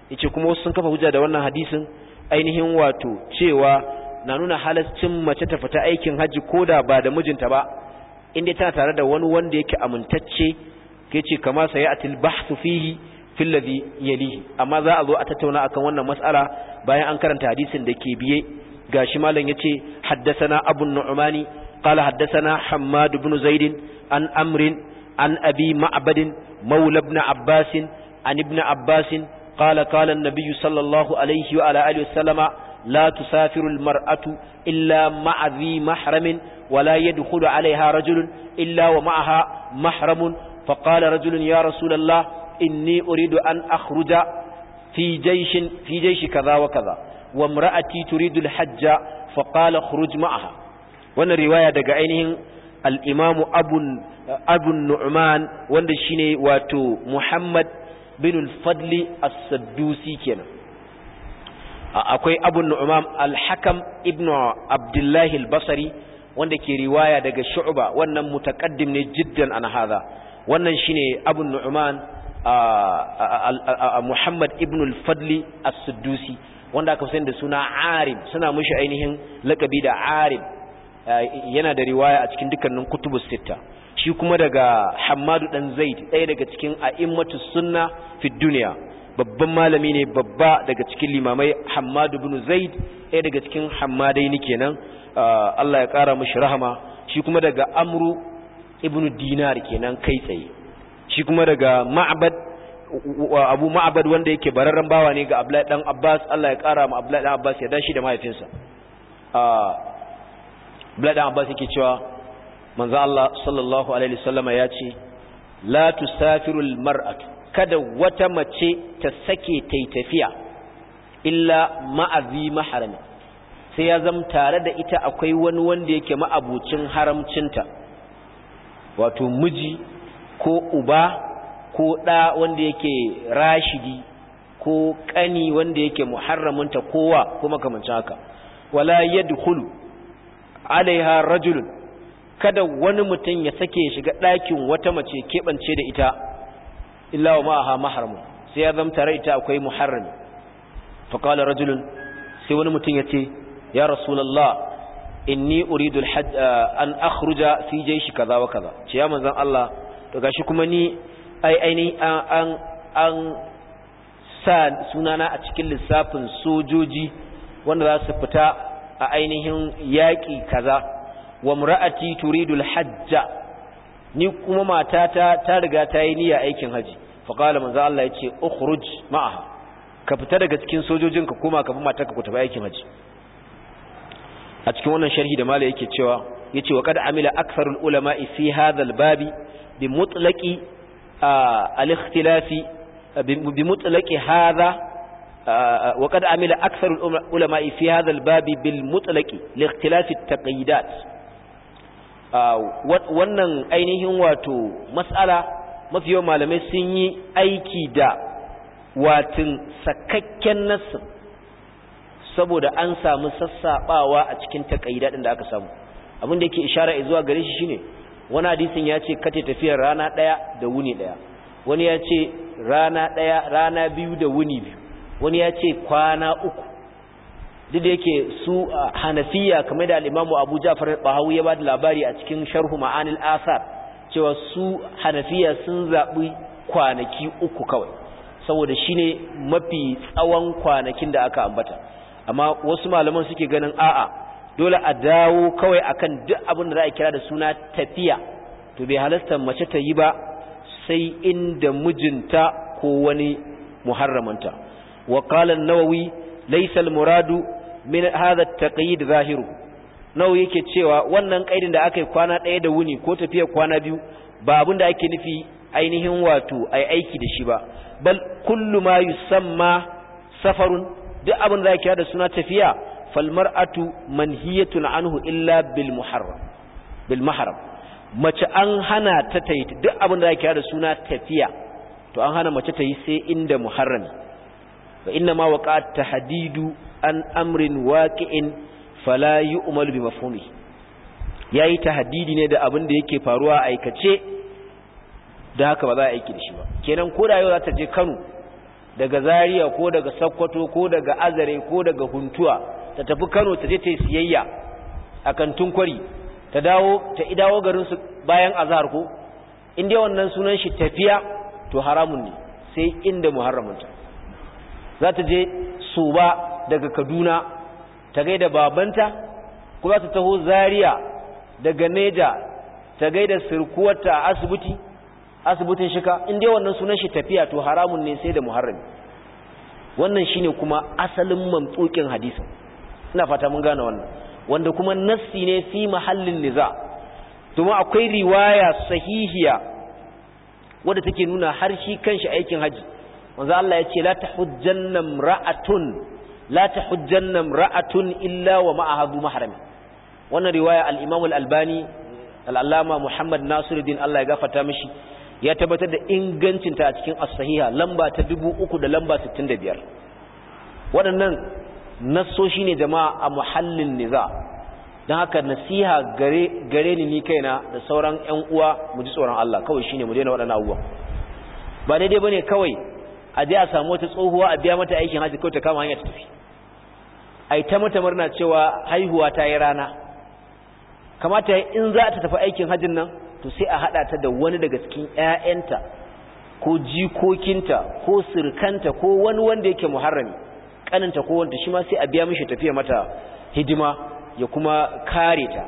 yace kuma wasu sun kafa hujja da wannan hadisin ainihin wato cewa na nuna halascin mace ta fita aikin haji koda ba da mijinta ba inda tana tare da wani wanda yake amintacce ke kama sa ya atil bahtu fihi filladi yalihi amma za a zo a tattauna kan wannan matsala bayan an karanta hadisin da ke biye gashi malam yace haddathana abu nu'mani qala haddathana hammad ibn zaid an amrin an abi ma'bad maula ibn abbas an ibn abbas qala qala an sallallahu alayhi wa ala alihi wasallama la tusafiru maratu illa ma'a dhi mahramin wa la yadkhulu rajulun illa wa ma'aha mahramun فقال رجل يا رسول الله إني أريد أن أخرج في جيش, في جيش كذا وكذا وامرأتي تريد الحج فقال اخرج معها وانا رواية دقائنهم الإمام أبو, أبو النعمان وانا شيني واتو محمد بن الفضل السدوسي كينا akwai abu nu'umam al-hakam ibnu abdullahi al-basri wanda ke riwaya daga shu'ba wannan mutaqaddim ne jiddan an hadha wannan shine abu nu'man muhammad ibn al-fadli as wanda aka san da suna arim suna mushi ainihin lakabi da arim yana da riwaya a cikin dukkanin kutubus sita shi kuma daga hammadu dan zaid ɗaya daga cikin a'immatus sunna fi duniya babban malami ne babba daga cikin limamai hammadu bin zaid ɗaya daga cikin hammadaini kenan Allah ya ƙara mushi rahama shi kuma daga amru ibn dinar kenan kai tsaye shi kuma daga ma'abad abu ma'abad wanda yake bararren bawa ne ga abdullahi dan abbas Allah ya kara ma abdullahi dan abbas ya dashi da mahaifinsa ah, abdullahi dan abbas yake cewa manzo Allah sallallahu alaihi wasallama ya ce la tusafiru almar'atu kada wata mace ta sake tai tafiya illa ma'azi maharami sai ya zama tare da ita akwai wani wanda yake ma'abucin haramcinta wato miji ko uba ko ɗa wanda yake rashidi ko ƙani wanda yake muharramunta kowa ko makamancin haka wala yadkhulu alaiha rajulun kada wani mutum ya sake shiga ɗakin wata mace keɓance da ita illa wa ma'aha maharamun sai ya zama tare ita akwai muharrami qala rajulun sai wani mutum ya ce ya rasulallah inni uridu uh, an akhruja fi jayshi kaza wa kaza ce ya manzon Allah to gashi kuma ni ai aini an an sa sunana a cikin lissafin sojoji wanda za su fita a ainihin yaƙi kaza wa mura'ati turidu hajja ni kuma matata ta riga ta yi niyya aikin haji fa qala manzo Allah yace ukhruj ma'aha ka fita daga cikin sojojin ka koma ka bi matarka ku tafi aikin haji a cikin wannan sharhi da mala yake cewa yace wa qad amila aktharul ulama fi hadha babi bi mutlaqi al-ikhtilafi bi mutlaqi hadha wa qad amila aktharul ulama fi hadha bil mutlaqi li ikhtilafi at-taqyidat wannan ainihin wato mas'ala mafi yawan malamai sun yi aiki da watin sakakken nassin saboda an samu sassaɓawa a cikin takaida din da aka samu abin da yake ishara zuwa gare shi shine wani hadisin ya ce kace tafiyar rana ɗaya da wuni ɗaya wani ya ce rana daya rana biyu da wuni biyu wani ya ce kwana uku duk da yake su hanafiya kamar da al'imamu abu jafar bahawi ya ba da labari a cikin sharhu ma'anil asar cewa su hanafiya sun zaɓi kwanaki uku kawai saboda shine mafi tsawon kwanakin da aka ambata amma wasu malaman suke ganin a'a dole a dawo kawai akan duk abin da za a kira da suna tafiya to bai halasta mace ta yi ba sai inda mijinta ko wani muharramanta wa qala nawawi laysa al-muradu min hadha at-taqyid zahiru nawawi yake cewa wannan kaidin da aka yi kwana ɗaya da wuni ko tafiya kwana biyu ba abin da ake nufi ainihin wato ai aiki da shi ba bal kullu ma yusamma safarun duk abin da kira da suna tafiya fal mar'atu manhiyatun anhu illa bil muharram bil mahram mace an hana ta tayi duk abin da kira da suna tafiya to an hana mace ta yi sai inda muharrami fa inna ma waqa'at tahdidu an amrin waqi'in fala yu'mal bi mafhumi yayi tahdidi ne da abin da yake faruwa aikace da haka ba za a aiki da shi ba kenan ko da yau za ta je Kano daga Zariya ko daga Sakkwato ko daga Azare ko daga Huntuwa ta tafi Kano ta je ta yi siyayya a kantin kwari ta dawo ta idawo garinsu su bayan azahar ko inda wannan sunan shi tafiya to haramun ne sai inda muharramunta za ta je Suba daga Kaduna ta gaida babanta ko za ta taho Zariya daga Neja ta gaida sirkuwarta a asibiti asibitin shika in dai wannan sunan shi tafiya to haramun ne sai da muharrami wannan shine kuma asalin mamtsukin hadisin ina fata mun gane wannan wanda kuma nassi ne fi mahallin niza domin akwai riwaya sahihiya wadda take nuna har shi kanshi aikin haji manzo Allah ya ce la tahujjanna ra'atun la tahujjanna ra'atun illa wa ma'aha mahrami wannan riwaya al-Imam al-Albani al-Allama Muhammad Nasiruddin Allah ya gafarta mishi ya tabbatar da ingancinta a cikin asahiha lamba ta uku da lamba biyar. waɗannan shi ne jama'a a muhallin niza don haka nasiha gare ni ni kaina da sauran 'yan uwa mu ji tsoron Allah kawai shi ne mu daina waɗannan abubuwan ba daidai ne kawai a je a samu wata tsohuwa a biya mata aikin haji kawai ta kama hanyar ta tafi yi ta mata murna cewa haihuwa ta yi rana kamata in za ta tafi aikin hajin nan to sai a haɗa ta da wani daga cikin ‘ya'yanta ko jikokinta ko sirkanta ko wani wanda yake muharrami ƙaninta ko wanda shi ma sai a biya mishi tafiya mata hidima ya kuma kare ta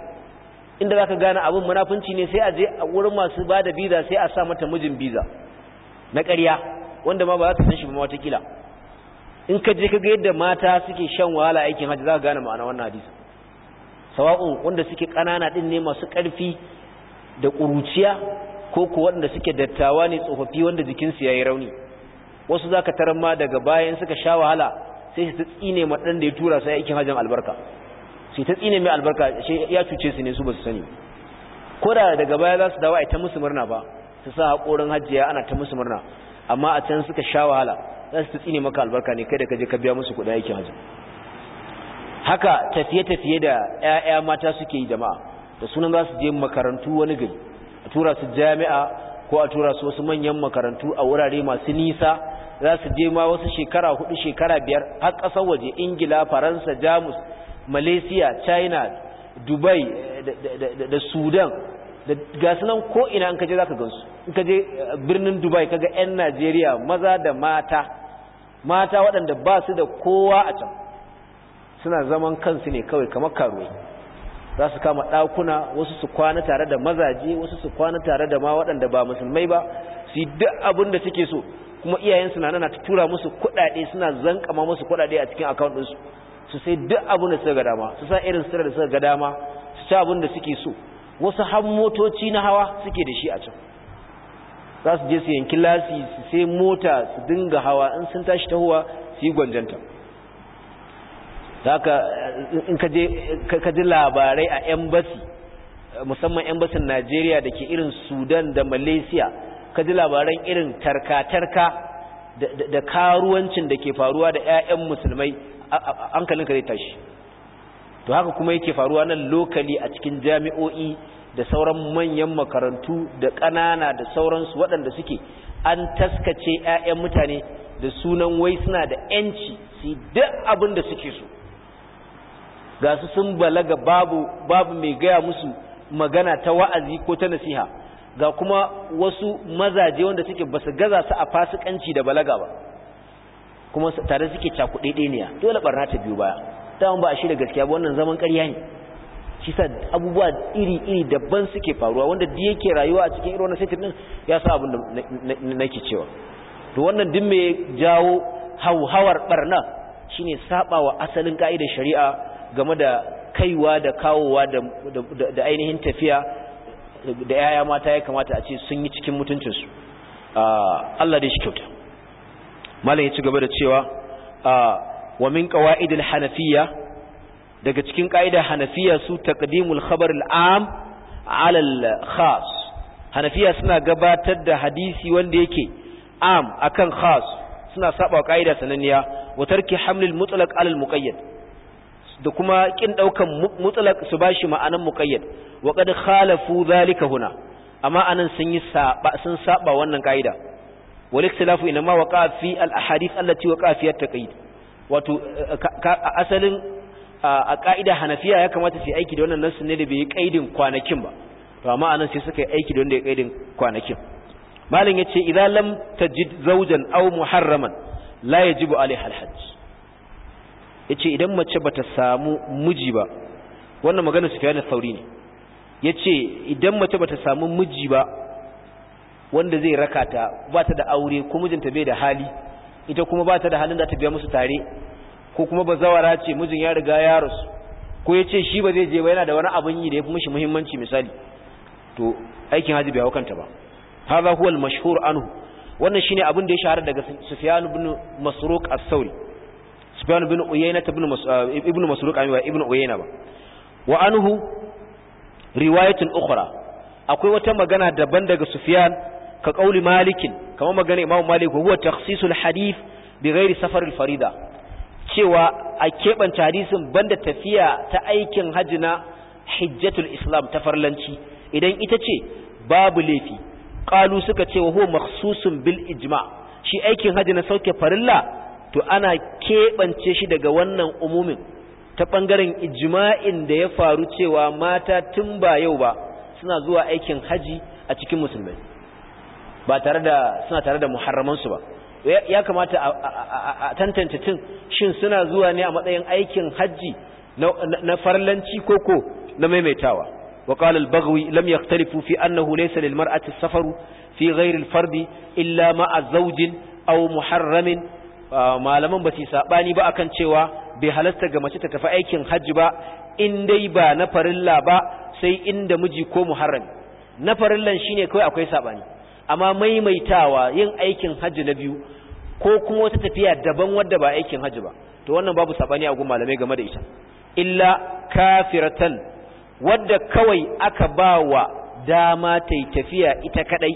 inda za ka gane abin munafunci ne sai a je a wurin masu bada biza sai a sa mata mijin biza na ƙarya wanda ma ba za ta san shi ba watakila in ka je ka ga yadda mata suke shan wahala aikin hajji za ka gane ma'ana wannan hadisi sawa'un wanda suke ƙanana din ne masu ƙarfi da ƙuruciya ko ku waɗanda suke dattawa ne tsofaffi wanda jikinsu ya yi rauni wasu za ka tarar ma daga bayan suka sha wahala sai su tsine ma ɗan da ya tura su ya ikin hajjan albarka sai ta tsine mai albarka ya cuce su ne su ba su sani ko da daga baya za su dawo a ta musu murna ba su sa haƙorin hajjiya ana ta musu murna amma a can suka sha wahala za su tsine maka albarka ne kai da ka je ka biya musu kuɗin aikin hajjan haka tafiye-tafiye da ƴaƴa mata suke yi jama'a da sunan za su je makarantu wani gari a tura su jami'a ko a tura su wasu manyan makarantu a wurare masu nisa za su je ma wasu shekara hudu shekara biyar har kasar waje ingila faransa jamus malaysia china dubai eh, da sudan da gasu nan ko'ina in kaje za ka gansu in kaje eh, birnin dubai kaga 'yan najeriya maza da mata mata waɗanda ba su da kowa a can suna zaman kansu ne kawai kamar karuwai za su kama ɗakuna wasu su kwana tare da mazaje wasu su kwana tare da ma waɗanda ba musulmai ba su yi duk abin da suke so kuma iyayensu na nana ta tura musu kuɗaɗe suna zankama musu kuɗaɗe a cikin akawun ɗinsu su sai duk abin da suka ga dama su sa irin sirar da suka ga dama su ci abin da suke so wasu har motoci na hawa suke da shi a can za su je su yanki lasi su sai mota su dinga hawa in sun tashi tahowa su yi gwanjanta haka in ka ji labarai a embassy musamman embassy Najeriya da ke irin Sudan da Malaysia ka ji labaran irin tarka-tarka da karuwancin da ke faruwa da 'ya'yan musulmai hankalin ka zai tashi to haka kuma yake faruwa nan lokali a cikin jami'o'i da sauran manyan makarantu da ƙanana da sauransu waɗanda suke an taskace 'ya'yan mutane da sunan wai suna da 'yanci su duk abin da suke so ga su sun balaga babu babu mai gaya musu magana ta wa'azi ko ta nasiha ga kuma wasu mazaje wanda suke basu gaza su a fasikanci da balaga ba kuma tare suke ne ɗeniya dole barna ta biyu baya dama ba a shirya gaskiya ba wannan zaman ƙarya ne shi sa abubuwa iri-iri daban suke faruwa wanda da yake rayuwa a cikin irin wannan setin ya sa abin da nake cewa to wannan din mai jawo hauhawar barna shine saba wa asalin ka'idar shari'a game da kaiwa da kawowa da ainihin tafiya da yaya mata ya kamata a ce sun yi cikin mutuncinsu ah, Allah dai shi kyauta malam ya ci gaba da cewa ah, wa min qawaidil hanafiya daga cikin ƙa'idar hanafiya su taqdimul khabar al'am ala al-khas hanafiya suna gabatar da hadisi wanda yake am akan khas suna saba wa ƙa'ida sananniya wa tarki hamlil mutlaq ala al-muqayyad da kuma kin daukan mutlaq su bashi ma'anan muqayyad wa qad khalafu zalika huna amma anan sun yi saba sun saba wannan kaida wal ikhtilafu inma waqa fi al ahadith allati waqa fi at taqyid wato asalin a kaida hanafiya ya kamata su aiki da wannan nasu ne da bai kaidin kwanakin ba to amma anan sai suka yi aiki da wanda ya kaidin kwanakin malin yace idan lam tajid zawjan aw muharraman la yajibu alaiha al hajj yace idan mace bata samu miji ba wannan magana sauri ne yace idan mace bata samu miji ba wanda zai rakata bata da aure ko mijinta bai da hali ita kuma bata da halin da ta biya musu tare ko kuma bazawara ce mijin ya riga ya rasu ko yace shi ba zai je ba yana da wani abin yi da yafi mishi muhimmanci misali to aikin haji bai hawkanta ba hadha huwa al-mashhur anhu wannan shine abin da ya shahara daga Sufyan ibn Masruq as-Sauri sufyan bin uyayna ibn uh, masruq ami wa ibn uyayna ba wa anhu riwayatun ukhra akwai wata magana daban daga sufyan ka qauli malikin kamar magana imam malik huwa takhsisul hadith bi safar al farida cewa a keɓanta hadisin banda tafiya ta aikin hajji na hijjatul islam ta farlanci idan ita ce babu laifi ƙalu suka ce wa huwa makhsusun bil ijma shi aikin hajji na sauke farilla to ana keɓance shi daga wannan umumin ta ɓangaren ijima'in da ya faru cewa mata tun ba yau ba suna zuwa aikin haji a cikin musulmai ba tare da suna tare da muharramansu ba ya kamata a tantance tun shin suna zuwa ne a matsayin aikin haji na farlanci koko na maimaitawa وقال البغوي لم يختلفوا في أنه ليس Safaru fi في Fardi illa إلا a زوج أو muharramin. Ah, malaman ba su sabani ba akan cewa bai halasta ga mace ta tafi aikin hajji ba in dai ba na farilla ba sai inda miji ko muharram na farillan shine kawai akwai saɓani amma maimaitawa yin aikin hajji na biyu ko kuma wata tafiya daban wadda ba aikin hajji ba to wannan babu saɓani a gun malamai game da ita illa kafiratan wadda kawai aka ba wa dama ta tafiya ita kadai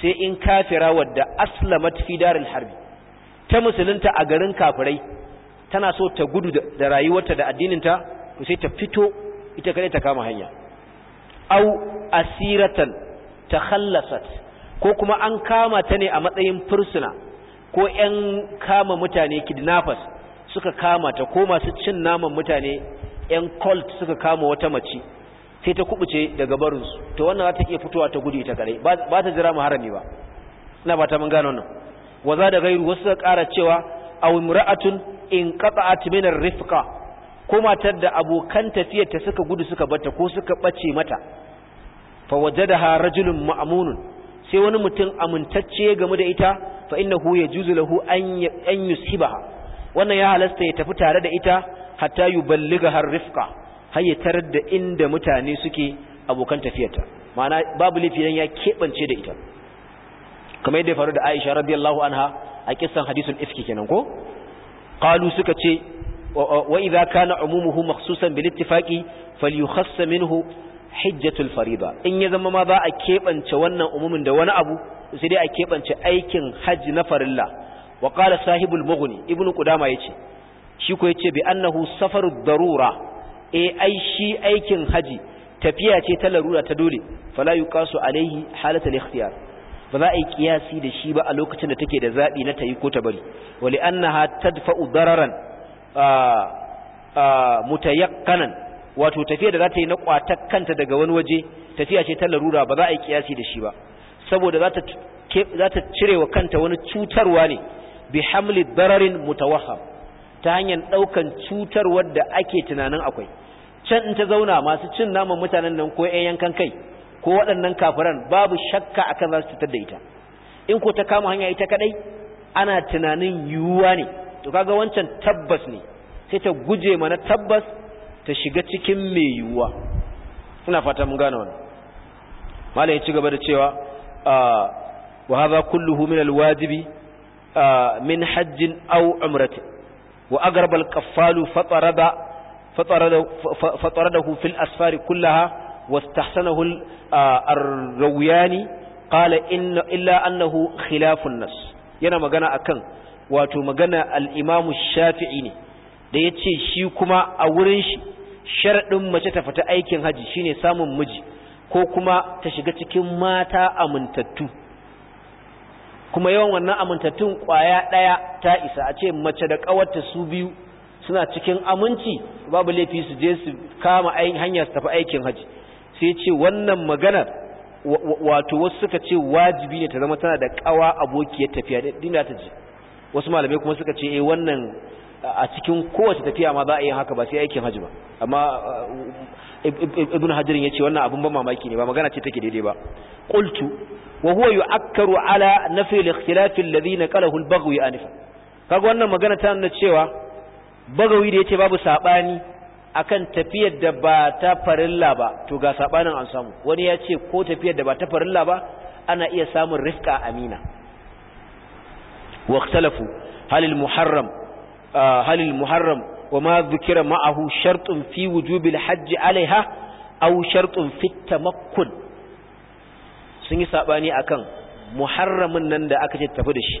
sai in kafira wadda aslamat fi daril harbi ta musulunta a garin kafirai tana so ta gudu da rayuwarta da addininta to sai ta fito ita kadai ta kama hanya au asiratan takhallasat ko kuma an kama ta ne a matsayin fursuna ko ƴan kama mutane kidnappers suka kama ta ko masu cin naman mutane ƴan cult suka kama wata mace sai ta kubuce daga barinsu to wannan za ta iya fitowa ta gudu ita kadai ba ta jira mu ba ina ba ta mun gano wannan wa da gairu wasu suka ƙara cewa a wimura'atun in ƙasa a timinar rifka ko matar da abokan tafiyar ta suka gudu suka bata ko suka ɓace mata fa waje da rajulun ma'amunun sai wani mutum amintacce game da ita fa ya juzu lahu an an yusibaha wannan ya halasta ya tafi tare da ita hatta balliga har rifka har ya tarar da inda mutane suke abokan tafiyarta ma'ana babu lafiya ya keɓance da ita kamar yadda ya faru da Aisha radiyallahu anha a kissan hadisul ifki kenan ko qalu suka ce wa idza kana umumuhu makhsusan bil ittifaqi falyukhass minhu hijjatul farida in ya zama ma za a kebance wannan umumin da wani abu sai dai a kebance aikin haji na farilla wa qala sahibul mughni ibnu qudama yace shi ko yace bi annahu safarud darura eh ai shi aikin haji tafiya ce ta larura ta dole fala yuqasu alaihi halatul ikhtiyar ba za a yi kiyasi da shi ba a lokacin da take da zaɓi na tayi ko ta bari wali annaha tadfa'u dararan mutayakkanan wato tafiya da za ta yi na kwatar kanta daga wani waje tafiya ce ta larura ba za a yi kiyasi da shi ba saboda za ta cire wa kanta wani cutarwa ne bi hamli dararin mutawahham ta hanyar daukan cutarwar da ake tunanin akwai can in ta zauna masu cin naman mutanen nan ko 'yan yankan kai ko waɗannan kafiran babu shakka akan za su cutar da ita in ko ta kama hanya ita kadai ana tunanin yiwuwa ne to kaga wancan tabbas ne sai ta guje mana tabbas ta shiga cikin mai yiwuwa ina fata mun gane wannan malam ya ci gaba da cewa ah, wa hadha kulluhu min alwajibi ah, min hajjin aw umratin wa agrabal alqaffalu fatarada fatarada fataradahu fil asfari kullaha واستحسنه الروياني قال إن إلا أنه خلاف النص yana magana akan wato magana al-Imam Shafi'i ne da yace shi kuma a wurin shi sharadin mace ta fita aikin haji shine samun miji ko kuma ta shiga cikin mata amintattu kuma yawan wannan amintattun kwaya ɗaya ta isa a ce mace da kawarta su biyu suna cikin aminci babu laifi su je su kama hanya su tafi aikin haji sai ce wannan maganar wato wasu suka ce wajibi ne ta zama tana da kawa abokiyar tafiya dinda ta ji wasu malamai kuma suka ce eh wannan a cikin kowace tafiya ma za a yi haka ba sai aikin hajji ba amma uh, ibn hajarin ya ce wannan abin ban mamaki ne ba magana ce take daidai ba qultu wa huwa yu'akkaru ala nafi al-ikhtilaf alladhi naqalahu al baghwi anifa kaga wannan magana ta nuna cewa bagawi da yace babu sabani akan tafiyar da ba ta farilla ba to ga sabanin an samu wani ya ce ko tafiyar da ba ta farilla ba ana iya samun rifqa amina waqtalafu halil muharram halil muharram wama dhukira ma'ahu shartun fi wujubil hajj alaiha aw shartun fi tamakkun sun yi sabani akan muharramin nan da aka ce tafi da shi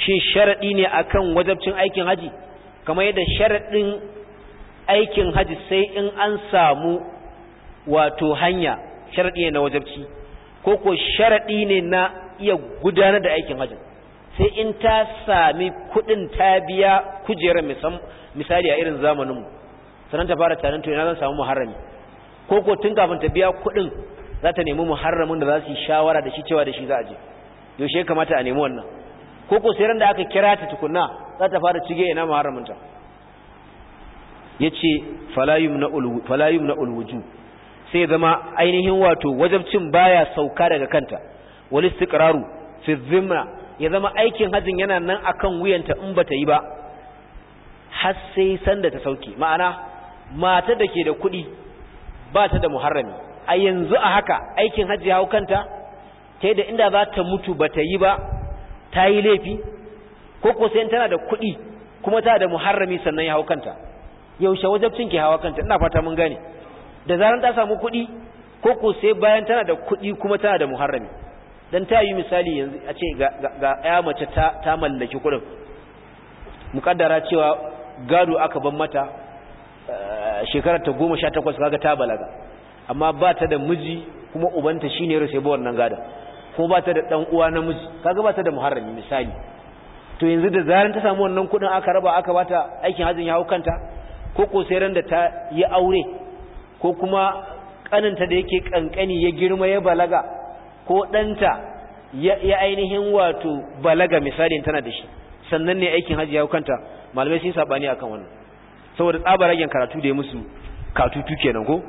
shin sharadi ne akan wajabcin aikin haji kamar yadda sharadin aikin haji sai in an samu wato hanya sharaɗi ne na wajabci ko ko sharaɗi ne na iya gudanar da aikin hajji sai in ta sami kuɗin ta biya kujerar misali a irin zamaninmu sanan ta fara to ina zan samu muharrami ko ko tun kafin ta biya kuɗin za ta nemi muharramin da za su yi shawara da shi cewa da shi za a je yaushe kamata a nemi wannan ko ko sai ran da aka kira ta tukunna za ta fara cige yana muharraminta Ya yace fala na ulwuju sai zama ainihin wato wajabcin baya sauka daga kanta wal istiqraru fi zimma, ya zama aikin hajjin yana nan akan wuyanta in ba ta yi ba har sai sanda ta sauke ma'ana mata da ke da kuɗi ba ta da muharrami a yanzu a haka aikin hajji hau kanta sai da inda za ta mutu ba ta yi ba ta yi laifi ko ko sai tana da kuɗi kuma ta da muharrami sannan ya hau kanta yaushe wajabcin ki hawa kanta ina fata mun gane da zaran ta samu kuɗi ko ko sai bayan tana da kuɗi kuma tana da muharrami dan ta yi misali yanzu a ce ga ya mace ta ta mallaki kuɗin mukaddara cewa gado aka ban mata eh, shekarar ta 18 kaga ta balaga amma ba ta da miji kuma ubanta shine rusebowar wannan gada ko ba ta da dan uwa na miji kaga ba ta da muharrami misali to yanzu da zaran ta samu wannan kuɗin aka raba aka bata aikin hajin ya hau kanta ko ko sai ran da ta yi aure ko kuma kaninta da yake kankani ya girma ya balaga ko ɗanta ya ainihin wato balaga misalin tana da shi sannan ne aikin hajji ya hukanta malamai sun sabani akan wannan saboda tsabar ragen karatu da ya musu katutu kenan ko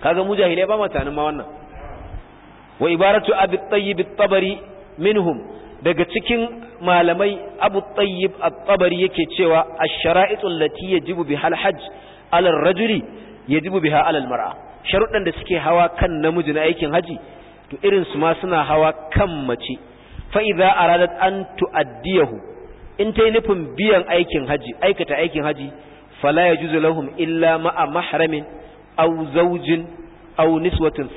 kaga mujahilai ba matanin ma wannan wa ibaratu abi tayyib at-tabari minhum daga cikin malamai abu tsayyib a tsabari yake cewa a sharaitu lati ya jibu hajj Alal rajuri ya yajibu biha Alal mara sharuɗan da suke hawa kan namiji na aikin haji to irinsu ma suna hawa kan mace fa a ranar an tu'addiyahu in tayi nufin biyan aikin haji aikata aikin haji fala ya yajuzu lahum illa ma'a mahramin aw zaujin aw niswatin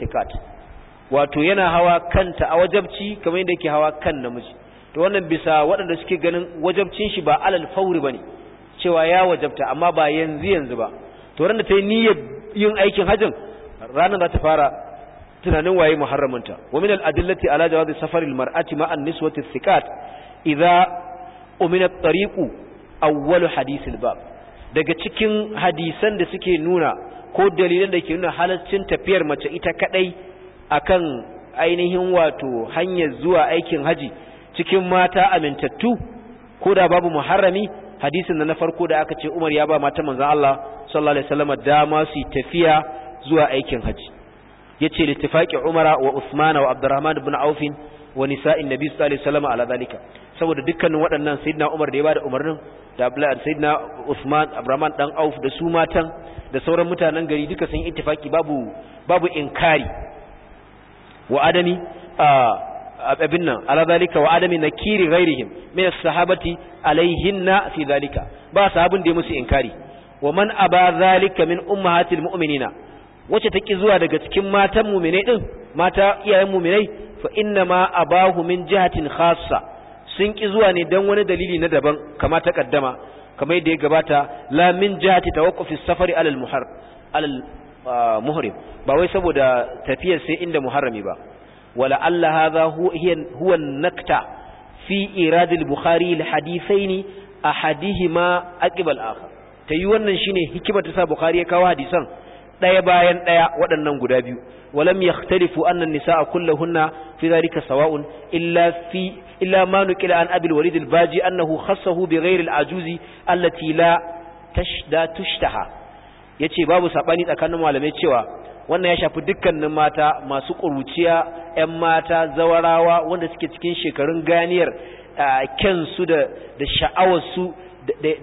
wato yana hawa kanta a wajabci kamar yadda yake hawa kan namiji to wannan bisa waɗanda suke ganin wajabcin shi ba alal fauri bane cewa ya wajabta amma ba yanzu yanzu ba to ran da ta yi niyyar yin aikin hajjin ranar za ta fara tunanin waye muharraminta wa min al-adillati ala jawazi da safaril marati ma an-niswati thiqat idza umina at-tariqu awwal hadith bab daga cikin hadisan da suke nuna ko dalilan da ke nuna halaccin tafiyar mace ita kadai akan ainihin wato hanyar zuwa aikin haji cikin mata amintattu ko da babu muharrami hadisin na farko da aka ce Umar ya ba mata manzon Allah sallallahu alaihi wasallam dama su tafiya zuwa aikin haji yace littifaqi Umara wa Uthman wa Abdurrahman ibn Auf wa nisa'in nabi sallallahu alaihi wasallam ala zalika saboda dukkanin waɗannan sayyidina Umar da ya bada umarnin da Abdullahi sayyidina Uthman Abdurrahman dan Auf da su matan da sauran mutanen gari duka sun ittifaki babu babu inkari wa adami abin nan ala zalika wa adami nakiri ghairihim min sahabati alaihinna fi zalika ba sahabin da ya musu inkari wa man aba zalika min ummahatil mu'minina wacce take zuwa daga cikin matan mu'minai din mata iyayen mu'minai fa inna ma abahu min jihatin khassa sun ki zuwa ne dan wani dalili na daban kama ta kaddama kamar yadda ya gabata la min jihati tawaqqufi safari alal muhrim ba wai saboda tafiyar sai inda muharrami ba wala allah hadha huwa nakta fi irad al-bukhari al-hadithaini ahadihima aqib akhar tayi wannan shine hikimar ta sa bukhari ya kawo hadisan daya bayan daya waɗannan guda biyu walam yakhtalifu anna an-nisaa kulluhunna fi dhalika sawa'un illa fi illa ma nuqila an abi al-walid al-baji annahu khassahu bighayri al-ajuzi allati la tashda tushtaha ya ce babu saɓani tsakanin malamai cewa wannan ya shafi dukkanin mata masu ƙuruciya 'yan mata zawarawa wanda suke cikin shekarun ganiyar kensu da sha'awarsu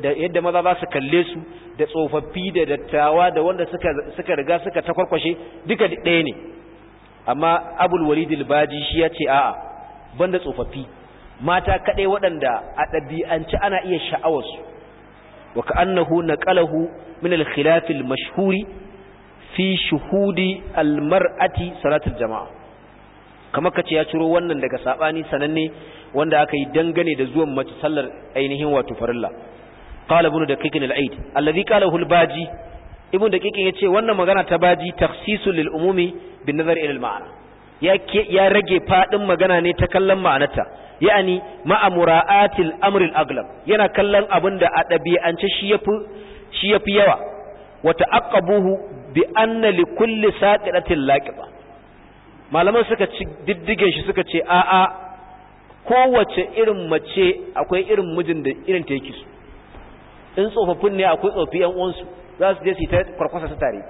da yadda maza za su kalle su da tsofaffi da dattawa da wanda suka riga suka takwarkwashe duka ɗaya ne amma abul walidil baji shi ya ce a'a banda tsofaffi mata kaɗai waɗanda a ɗabi'ance ana iya sha'awarsu وكأنه نقله من الخلاف المشهور في شهود المرأة صلاة الجماعة ce ya ciro wannan daga sabani sananne wanda aka yi dangane da zuwan mace sallar ainihin wato farilla qala ibn daqiq al-aid alladhi qalahu al-baji ibn daqiq yace wannan magana ta baji takhsisu lil umumi bin nazar ila al-ma'ana ya rage faɗin magana ne ta kallon ma'anata ya'ani ma'amura'atil amril Aglam yana kallon abin da a ɗabi'ance shi ya fi yawa wata aqabuhu bi anna li kulli saqidatin laqiba malaman suka ci diddigen shi suka ce a'a kowace irin mace akwai irin mijin da irin ta yake su in tsofaffin ne akwai tsofi yan uwansu za su je su ta kwarkwasa su tare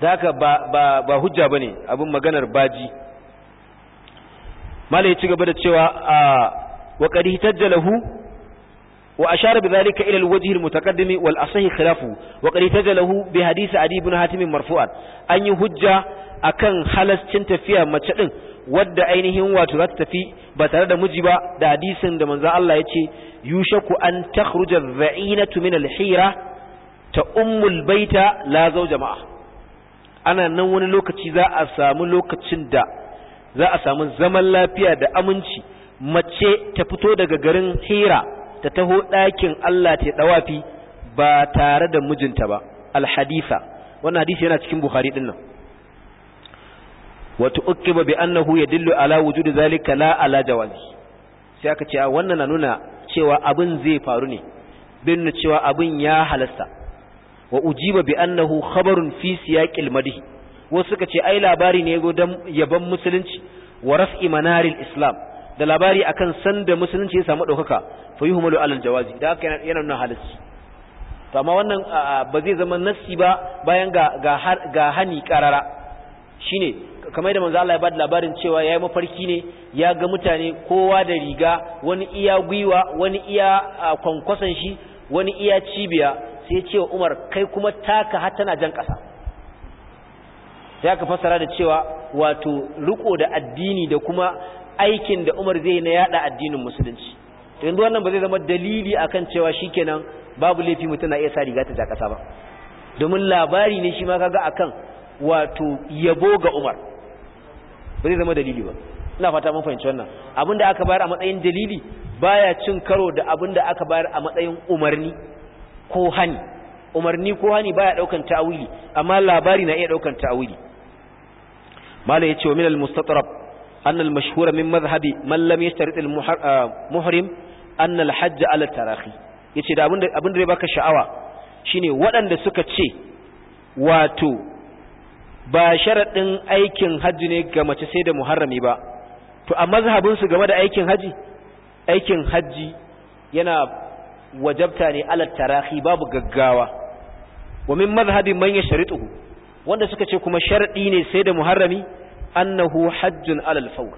da haka ba ba ba ne abin maganar baji malai ya ci gaba da cewa a wa qad hitajalahu wa ashara bidhalika ila alwajh almutaqaddim wal asahi khilafu wa qad hitajalahu bi hadith adi ibn hatim marfu'an an yi hujja akan halascin tafiya mace din wadda ainihin wato za ta tafi ba tare da miji ba da hadisin da manzo Allah ya ce yushaku an takhruja dha'inatu min alhira ta ummul baita la zawja ma'a ana nan wani lokaci za a samu lokacin da za a samu zaman lafiya da aminci mace ta fito daga garin hira ta taho ɗakin Allah ta dawafi ba tare da mijinta ba alhadisa wannan hadisi yana cikin buhari din nan wato ukiba bi annahu yadullu ala wujudi zalika la ala jawazi sai aka ce wannan na nuna cewa abin zai faru ne bin cewa abin ya halasta wa ujiba bi annahu khabarun fi siyaqil madhi wasu suka ce ai labari ne go dan yaban musulunci wa raf'i manaril islam da labari akan sanda musulunci ya samu daukaka fa yuhmalu alal jawazi da haka yana nuna halalci to amma wannan ba zai zama nassi ba bayan ga ga hani karara shine kamar da manzo Allah ya bada labarin cewa yayi mafarki ne ya ga mutane kowa da riga wani iya gwiwa wani iya kwankwasan shi wani iya cibiya sai ce wa umar kai kuma taka har tana jan ƙasa sai aka fassara da cewa wato riko da addini da kuma aikin da umar zai na yada addinin musulunci to yanzu wannan ba zai zama dalili akan cewa shikenan babu laifi mutum na iya sa riga ta ja ƙasa ba domin labari ne shi ma kaga akan wato yabo ga umar ba zai zama dalili ba ina fata mun fahimci wannan abinda aka bayar a matsayin dalili baya cin karo da abinda aka bayar a matsayin umarni ko hani umarni ko hani baya daukan ta'awili amma labari na iya daukan ta'awili malai yace wa min al-mustatrab anna al-mashhura min madhhabi man lam yashtarit al-muhrim ah, anna al-hajj ala tarahi yace da abinda abinda baka sha'awa shine waɗanda suka ce wato ba sharadin aikin hajji ne ga mace sai da muharrami ba to a mazhabin su game da aikin haji aikin haji yana wajabta ne ala tarahi babu gaggawa wa min madhhabin man yashrituhu wanda suka ce kuma sharadi ne sai da muharrami annahu hajjun alal fawr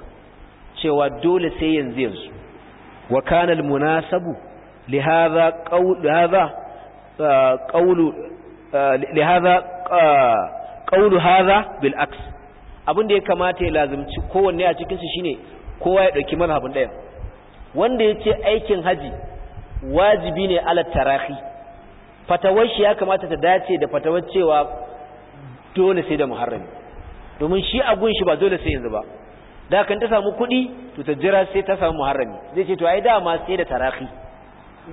cewa dole sai yanzu yanzu wa kana al-munasabu li hadha qawl hadha qawlu li hadha ah, ah, ah, qawlu hadha bil aks abin da ya kamata ya lazimci kowanne a cikin su shine kowa ya dauki mazhabin daya wanda ce aikin haji wajibi ne ala tarahi fatawar shi ya kamata ta dace da fatawar cewa dole sai da muharrami domin shi a shi ba dole sai yanzu ba da kan ta samu kuɗi to ta jira sai ta samu muharrami zai ce to ai dama sai da tarahi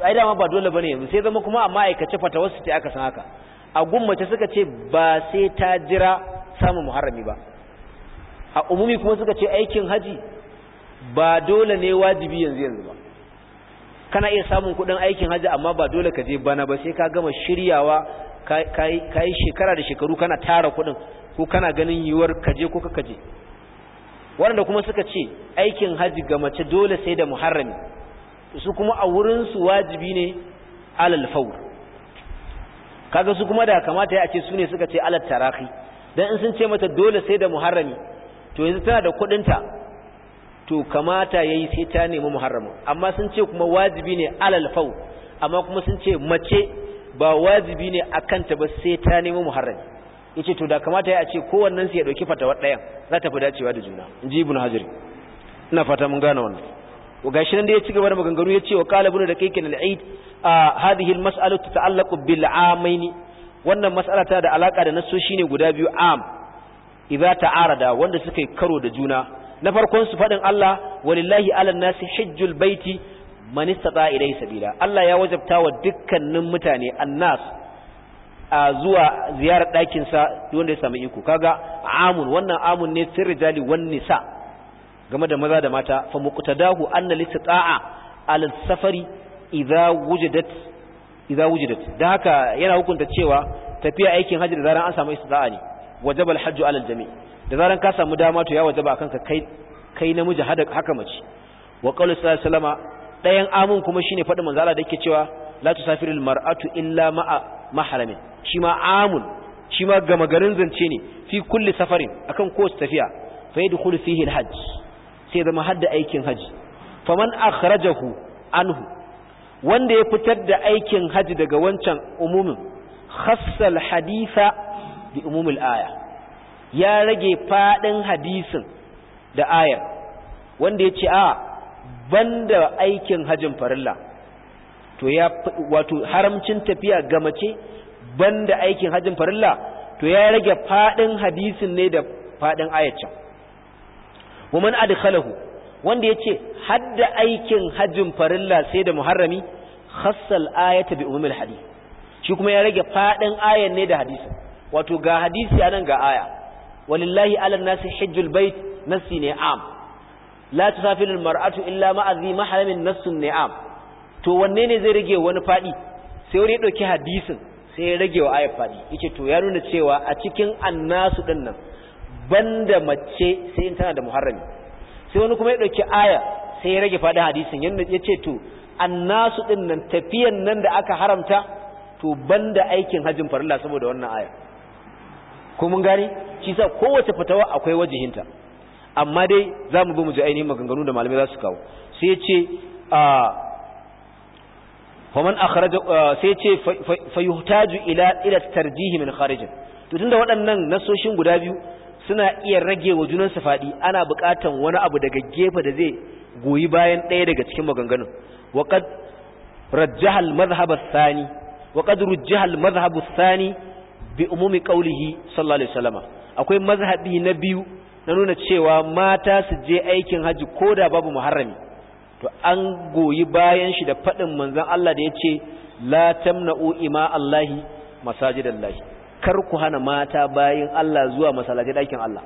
ai dama ba dole bane yanzu sai zama kuma a ma'aikace fatawar su ce aka san haka a gun mace suka ce ba sai ta jira samun muharrami ba a umumi kuma suka ce aikin haji ba dole ne wajibi yanzu yanzu ba kana iya samun kuɗin aikin hajji amma ba dole ka je bana ba sai ka gama shiryawa ka yi shekara da shekaru kana tara kuɗin ko kana ganin yiwuwar ka ko ka je waɗanda kuma suka ce aikin hajji ga mace dole sai da muharrami su kuma a wurin su wajibi ne alal faur kaga su kuma da kamata ya ce su ne suka ce alal tarahi dan in sun ce mata dole sai da muharrami to yanzu tana da kuɗinta to kamata yayi sai ta nemi muharramin amma sun ce kuma wajibi ne alal fau amma kuma sun ce mace ba wajibi ne akan ta ba sai ta nemi muharrami yace to da kamata ya a ce kowannen su ya dauki fatawa ɗayan za ta fi dacewa da juna inji ibn hajar ina fata mun gane wannan gashi nan da ya ci gaba da maganganu ya ce wa qala ibn daqiq al-aid hadhihi al-mas'alatu tata'allaqu bil amaini wannan mas'ala ta da alaka da nasoshi ne guda biyu am idza ta'arada wanda suka yi karo da juna na farkon su faɗin Allah walillahi ala nasi hijjul baiti man istata ilai sabila Allah ya wajabta wa dukkanin mutane annas a zuwa ziyarar ɗakin sa wanda ya samu iko kaga amun wannan amun ne sir rijali wan nisa game da maza da mata fa muqtadahu anna listata'a ala safari idza wujidat idza wujidat da haka yana hukunta cewa tafiya aikin hajji da zaran an samu istita'a ne wajabal al-hajju ala al-jami' da zaran ka samu dama to ya wajaba akan ka kai kai namiji haka mace wa qawlu sallallahu dayan amun kuma shine fadin manzo Allah da yake cewa la tusafirul mar'atu illa ma'a mahramin Shima amun shima gama garin zance ne fi kulli safarin akan kowace tafiya fa yadkhulu fihi hajji sai zama hadda aikin haji faman akhrajahu anhu wanda ya fitar da aikin haji daga wancan umumin khassal haditha bi umumil aya ya rage faɗin hadisin da ayar wanda ya ce a banda aikin hajin farilla to ya wato haramcin tafiya ga mace banda aikin hajin farilla to ya rage faɗin hadisin ne da faɗin ayacin wa man adkhalahu wanda yace hadda aikin hajin farilla sai da muharrami khassal ayata bi umumil hadith shi kuma ya rage faɗin ayan ne da hadisi wato ga hadisi anan ga aya walillahi ala nasi hajjul bait nasi ni'am la tusafiru illa ma'a zi mahramin nasun ni'am to wanne ne zai rage wani fadi sai wani ya dauki hadisin sai ya rage wa ayat fadi yake to ya nuna cewa a cikin annasu din nan banda mace sai in tana da muharrami sai wani kuma ya dauki aya sai ya rage fadi hadisin yanda yace to annasu din nan tafiyan nan da aka haramta to banda aikin hajjin farilla saboda wannan aya ko mun gane shi sa kowace fatawa akwai wajihinta amma dai za mu bi mu ji ainihin maganganu da malamai za su kawo sai ya ce faman akhraja sai ce fayyutaju ila ila min kharijin to tunda waɗannan nasoshin guda biyu suna iya rage wa junan su fadi ana buƙatan wani abu daga gefe da zai goyi bayan ɗaya daga cikin maganganun wa rajjahal rajjaha al madhhab ath-thani wa bi umumi qaulihi sallallahu alaihi wasallam akwai mazhabi na biyu na nuna cewa mata su je aikin haji da babu muharrami to an goyi bayan shi da fadin manzon Allah da yace la tamna'u ima Allahi masajidallahi kar ku hana mata bayin Allah zuwa masallaci dakin Allah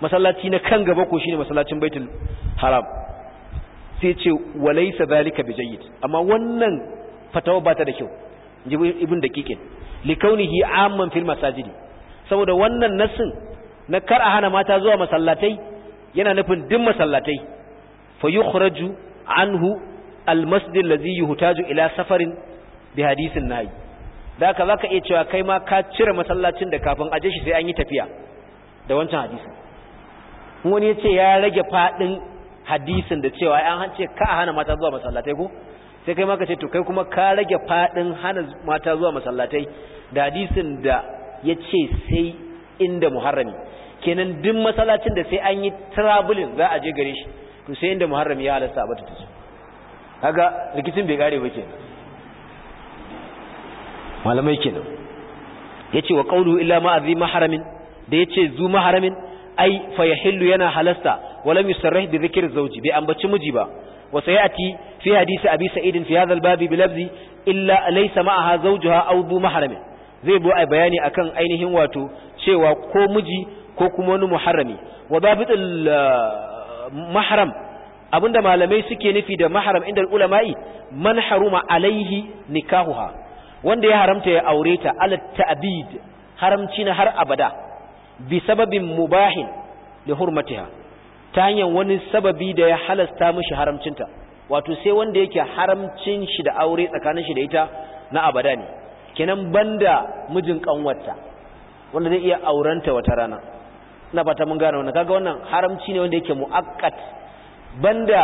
masallaci na kan gaba ko shine masallacin Baitul Haram sai ce walaysa zalika bijayyid amma wannan fatawa ba ta da kyau ibn dakikin likaunihi amman fil masajidi saboda wannan nassin na kar a hana mata zuwa masallatai yana nufin duk masallatai fa yukhraju anhu al masjid allazi yuhtaju ila safarin bi hadisin nayi da haka zaka iya cewa kai ma ka cire masallacin da kafin aje shi sai an yi tafiya da wancan hadisi wani ya ce ya rage fadin hadisin da cewa an hance ka hana mata zuwa masallatai ko sai kai maka ce to kai kuma ka rage fadin hana mata zuwa masallatai da hadisin da ya ce sai inda muharrami kenan duk masallacin da sai an yi traveling za a je gare shi to sai inda muharrami ya halasta ba ta tasu kaga rikicin bai kare ba kenan malamai kenan yace wa qawlu illa ma azi maharamin da yace zu maharamin ai fa yahillu yana halasta walam yusarrih bi dhikri zawji bai ambaci miji ba وسيأتي في حديث أبي سعيد في هذا الباب بلفظ إلا ليس معها زوجها أو ذو zai bu a bayani akan ainihin wato cewa ko miji ko kuma wani muharrami wa dabitul abinda malamai suke nufi da mahram inda ulama'i man haruma alaihi nikahuha wanda ya haramta ya aure ta ala ta'bid haramci na har abada bi sababin mubahin li hurmatiha ta hanyar wani sababi da ya halasta mishi haramcinta wato sai wanda yake haramcin shi da aure tsakanin shi da ita na abada ne kenan banda mijin kanwarta wanda zai iya aurenta wata rana ina fata mun gane wannan kaga wannan haramci ne wanda yake muakkat banda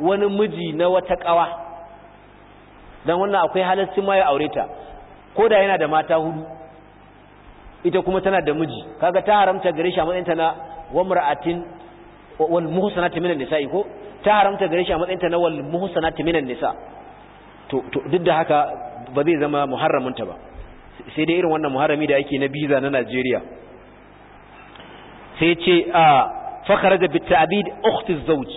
wani miji na wata kawa dan wannan akwai halastin ma ya aure ta koda yana da mata hudu ita kuma tana da miji kaga ta haramta gare shi a ta na wamra'atin wal muhsanati minan Nisa ko ta haramta gare shi a matsayin ta na wal muhsanati minan nisa to duk da haka ba zai zama muharramin ta ba sai dai irin wannan muharrami da ake na biza na Najeriya sai ce a fa kharaja bit ta'bid ukht zawj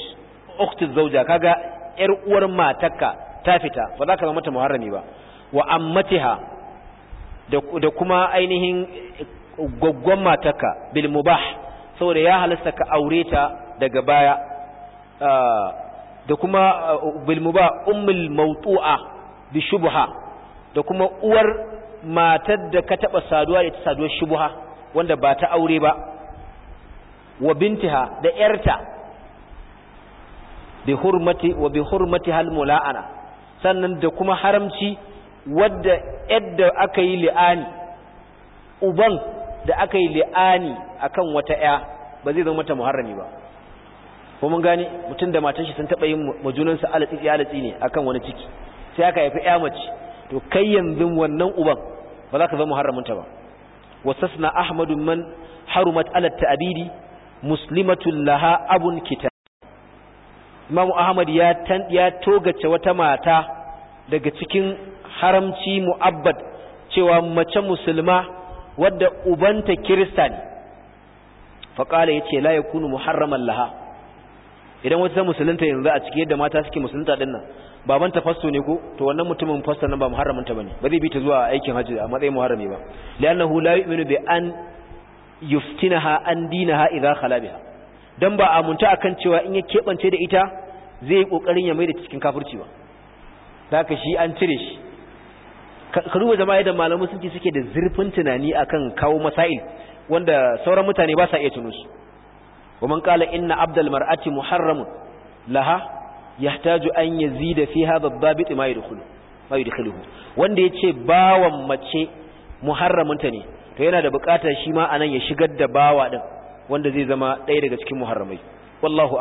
ukht zawja kaga yar uwar matarka ta fita ba za ka zama mata muharrami ba wa ammatiha da kuma ainihin gwaggwan matarka bil mubah saboda ya halasta ka aure ta daga baya da kuma bilmuba umul mawtu'a bi shubha da kuma uwar matar da ka taba saduwa da ta saduwar shubha wanda ba ta aure ba wa bintiha da yarta bi hurmati wa bi hurmati hal mula'ana sannan da kuma haramci wadda yadda aka yi li'ani uban da aka yi li'ani akan wata ya ba zai zama mata muharrami ba ko mun gane mutum da matar shi sun taɓa yin majunansa alatsi alatsi ne akan wani ciki sai aka haifi ya mace to kai yanzu wannan uban ba za ka zama ta ba wasasna ahmadu man harumat alat ta'abidi muslimatul laha abun kita imamu ahmad ya tan ya togace wata mata daga cikin haramci mu'abbad cewa mace musulma wadda ubanta kirista ne faqala yace la yakunu muharraman laha idan wata musulunta yanzu a cikin yadda mata suke musulunta din nan baban ta fasto ne ko to wannan mutumin fasto nan ba muharramin ta bane ba zai bi ta zuwa aikin hajji a matsayin muharrami ba li'annahu la yu'minu bi an yuftinaha an dinaha idza khala biha dan ba a munta akan cewa in ya kebance da ita zai kokarin ya maida cikin kafirci ba haka shi an cire shi ka ruwa jama'a da malamu sun ci suke da zurfin tunani akan kawo masail wanda sauran mutane ba sa iya tunusu ومن قال إن عبد المرأة محرم لها يحتاج أن يزيد في هذا الضابط ما يدخله ما يدخله wanda yace bawan mace muharramunta ne to yana da bukatar shi ma anan ya shigar da bawa din wanda zai zama ɗaya daga cikin muharramai wallahu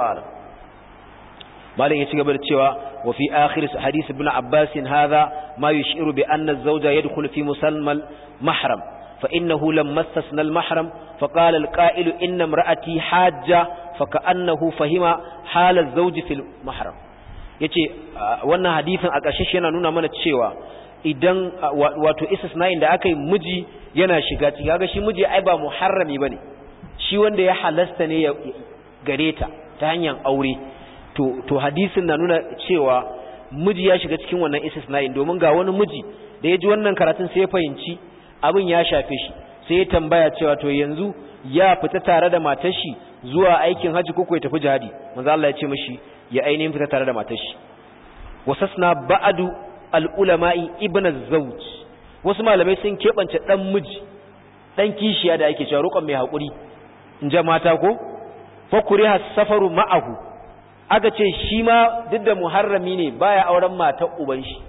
malam ya ci gaba da cewa wa fi akhir hadith ibn abbas hadha ma yushiru bi anna az-zawja yadkhulu fi musalmal mahram فإنه لما استثنى المحرم فقال القائل إن امرأتي حاجة فكأنه فهم حال الزوج في المحرم yace wannan hadisin a ƙarshe yana nuna mana cewa idan wato istisna'in da aka yi miji yana shiga ciki kaga shi miji ai ba muharrami bane shi wanda ya halasta ne ya gare ta ta hanyar aure to to hadisin na nuna cewa miji ya shiga cikin wannan istisna'in domin ga wani miji da ya ji wannan karatun sai ya fahimci abin ya shafe shi sai ya tambaya cewa to yanzu ya fita tare da matar shi zuwa aikin haji ko ya tafi jihadi manzo Allah ya ce mishi ya ainihin fita tare da matar shi wasasna ba'du al-ulama'i ibn az-zawj wasu malamai sun kebance dan miji dan kishiya da ake cewa roƙon mai hakuri in ja mata ko fa kuriha safaru ma'ahu aka ce shi ma duk da muharrami ne baya auren matar uban shi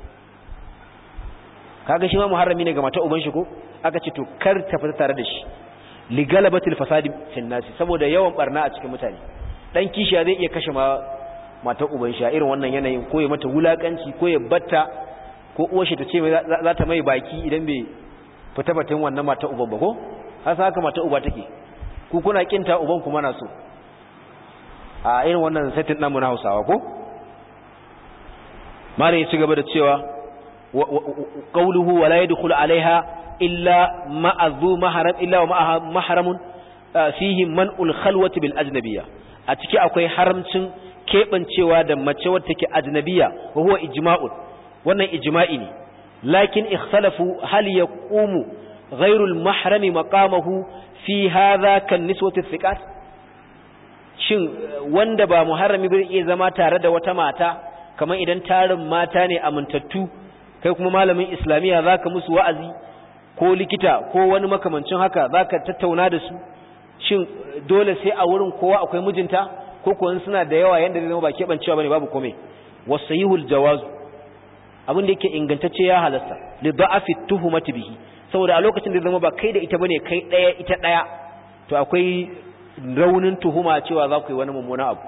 kaga shi ma muharrami ne ga mata uban shi ko aka ce to kar ta fita tare da shi li galabatil fasadi fil nasi saboda yawan barna a cikin mutane dan kishiya zai iya kashe ma mata uban shi a irin wannan yanayin ko ya mata wulakanci ko ya batta ko uwar shi ta ce za ta mai baki idan bai fita batun wannan mata uban ba ko sa haka mata uba take ku kuna kinta uban kuma na so a irin wannan setting namu na Hausawa ko mare ya ci gaba da cewa qawluhu wa la yadkhulu alaiha illa ma'azu maharam illa wa maharamun uh, fihi man'ul khalwati bil ajnabiyya a ciki akwai haramcin keɓancewa da mace wadda take ajnabiyya wa huwa wannan ijma'i ne lakin ikhtalafu hal yaqumu ghayru al mahrami maqamahu fi hadha kan niswati thiqat shin uh, wanda ba muharrami bai iya zama tare da wata mata kamar idan tarin mata ne amintattu kai kuma malamin islamiyya zaka musu wa'azi ko likita ko wani makamancin haka zaka tattauna da su shin dole sai a wurin kowa akwai mijinta ko kuwa suna da yawa yanda zai zama ba keɓancewa bane babu komai wasayihul jawazu abin da yake ingantacce ya halasta li da'afi tuhumati bihi saboda a lokacin da zama ba kai da ita bane kai ɗaya ita ɗaya. to akwai raunin tuhuma cewa za ku yi wani mummuna abu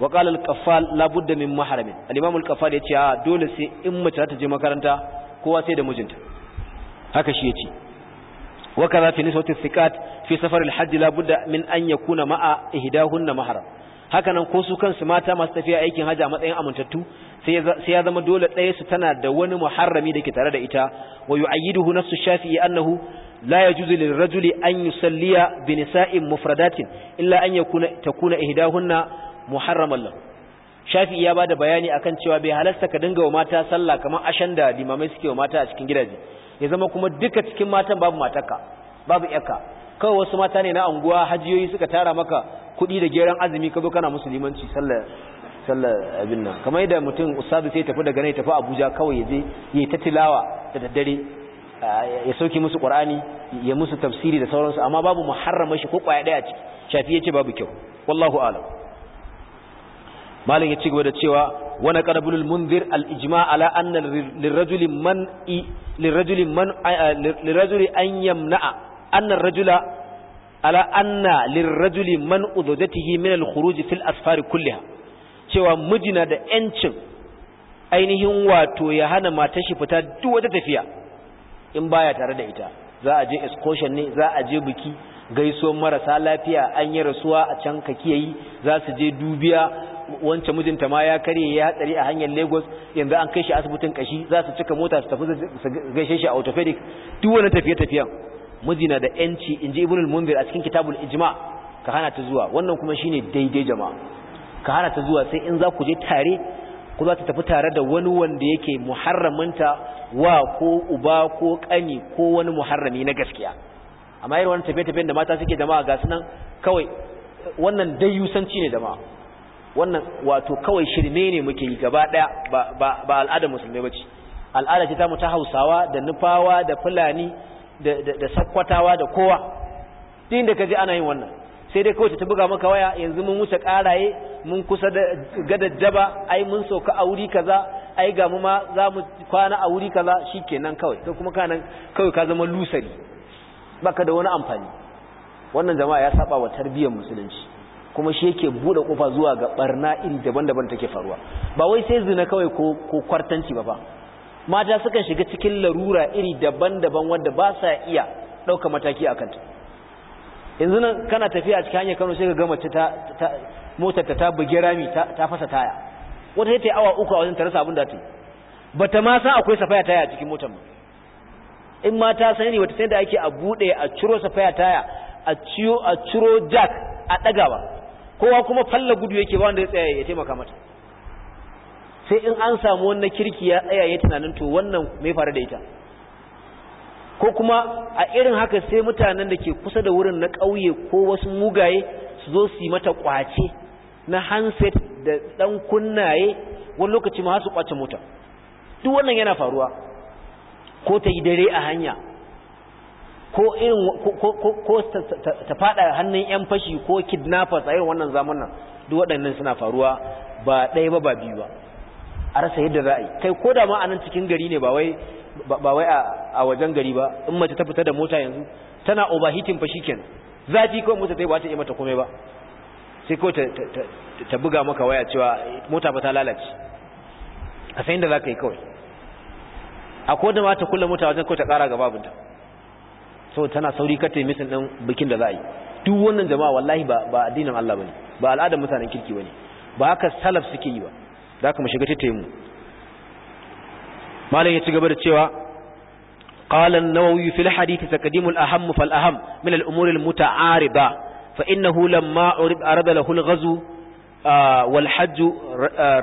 wa qala al-qaffal la budda min mahram al-imam a dole sai in mace ta je makaranta kowa sai da mijinta haka shi yace wa kaza fi nisbati thiqat fi safar al-hajj la min an yakuna ma'a haka nan ko su kansu mata masu tafiya aikin haji a matsayin amintattu sai ya zama dole ɗaya su tana da wani muharrami da ke tare da ita wa yu'ayyiduhu nafsu shafi'i annahu la yajuzu lirrajuli an yusalliya bi nisa'in mufradatin illa an yakuna takuna ihdahunna muharraman lahu shafi ya bada bayani akan cewa bai halasta ka dinga wa mata sallah kamar ashan da limamai suke wa mata a cikin gidaje ya zama kuma duka cikin matan babu mataka babu yaka kawai wasu mata ne na anguwa hajiyoyi suka tara maka kuɗi da geran azumi ka zo kana musulmanci sallah sallar abin nan kamar yadda mutum ustazu sai tafi daga nan tafi abuja kawai yaje ya ta tilawa da daddare ya sauki musu qur'ani ya musu tafsiri da sauransu amma babu muharrama shi ko kwaya daya ciki shafi yace babu kyau wallahu a'lam malam ya ci gaba da cewa wani ƙarabul munzir al-ijma ala anna lirajuli an yamna'a annan rajula ala anna lirajuli man min al khuruj fil asfari kulliha cewa mijina da ‘yancin ainihin wato ya hana shi fita duk wata tafiya in baya tare da ita za a je excursion ne za a je biki gaiso marasa lafiya an yi rasuwa a can kakiyayi yi za su je dubiya wance mijinta ma ya karye ya hatsari a hanyar Lagos yanzu an kai shi asibitin kashi za su cika mota su tafi su gaishe shi a orthopedic duk wani tafiye tafiyen miji na da yanci inji Ibn al-Munzir a cikin kitabul ijma ka hana ta zuwa wannan kuma shine daidai jama'a ka hana ta zuwa sai in za ku je tare ku za ta tafi tare da wani wanda yake muharraminta wa ko uba ko kani ko wani muharrami na gaskiya amma irin wannan tafiye tafiyen da mata suke jama'a ga sunan kawai wannan dayusanci yusanci ne jama'a wannan wato kawai shirme ne muke yi gaba daya ba ba al'ada musulmai bace al'ada ce ta mu ta Hausawa da Nufawa da Fulani da da Sakkwatawa da kowa din da kaje ana yin wannan sai dai kawai ta buga maka waya yanzu mun wuce karaye mun kusa da gadajjaba ai mun sauka a wuri kaza ai ga mu ma za kwana a wuri kaza shikenan kawai to kuma kanan kawai ka zama lusari baka da wani amfani wannan jama'a ya saba wa tarbiyyar musulunci kuma shi yake bude kofa zuwa ga barna iri daban-daban take faruwa ba wai sai zina kawai ko ko kwartanci ba ba mata sukan shiga cikin larura iri daban-daban wanda ba sa iya dauka mataki akan ta yanzu nan kana tafiya cikin hanyar Kano sai ka ga mace ta motar ta ta bugi rami ta fasa taya wata sai ta yi awa uku a wajen ta rasa abin da ta yi bata ma san akwai safaya taya a cikin motar in ma ta sani wata sai da ake a bude a ciro safaya taya a ciyo a ciro jack a dagawa kowa kuma falla gudu yake ba wanda ya tsaya ya taimaka mata sai in an samu wannan kirki ya tsaya ya tunanin to wannan mai faru da ita ko kuma a irin haka sai mutanen da ke kusa da wurin na ƙauye ko wasu mugaye su zo su yi mata kwace na hanset da ɗan kunnaye wani lokaci ma su kwace mota duk wannan yana faruwa ko ta yi dare a hanya ko irin ko ta fada hannun yan fashi ko kidnappers a irin wannan zamanin duk waɗannan suna faruwa ba ɗaya ba ba biyu ba a rasa yadda za a yi kai ko da ma a nan cikin gari ne ba wai a wajen gari ba in mace ta fita da mota yanzu tana overheating fashi kenan. zafi kawai mota ta ba ta yi mata komai ba sai ko ta buga maka waya cewa mota ba ta lalace a sayin da za ka yi kawai a da ma ta kulle mota wajen ko ta ƙara gaba abinta so tana sauri ka taimi sun ɗin bikin da za a yi duk wannan jama'a wallahi ba addinin Allah ba ne ba mutanen kirki ba ne ba haka salaf suke yi ba za ka shiga ta taimu malam ya ci gaba da cewa qalan nawawi fil hadith taqdimu al aham fal aham min al umur al muta'ariba fa innahu lamma arada lahu al ghazw wal hajj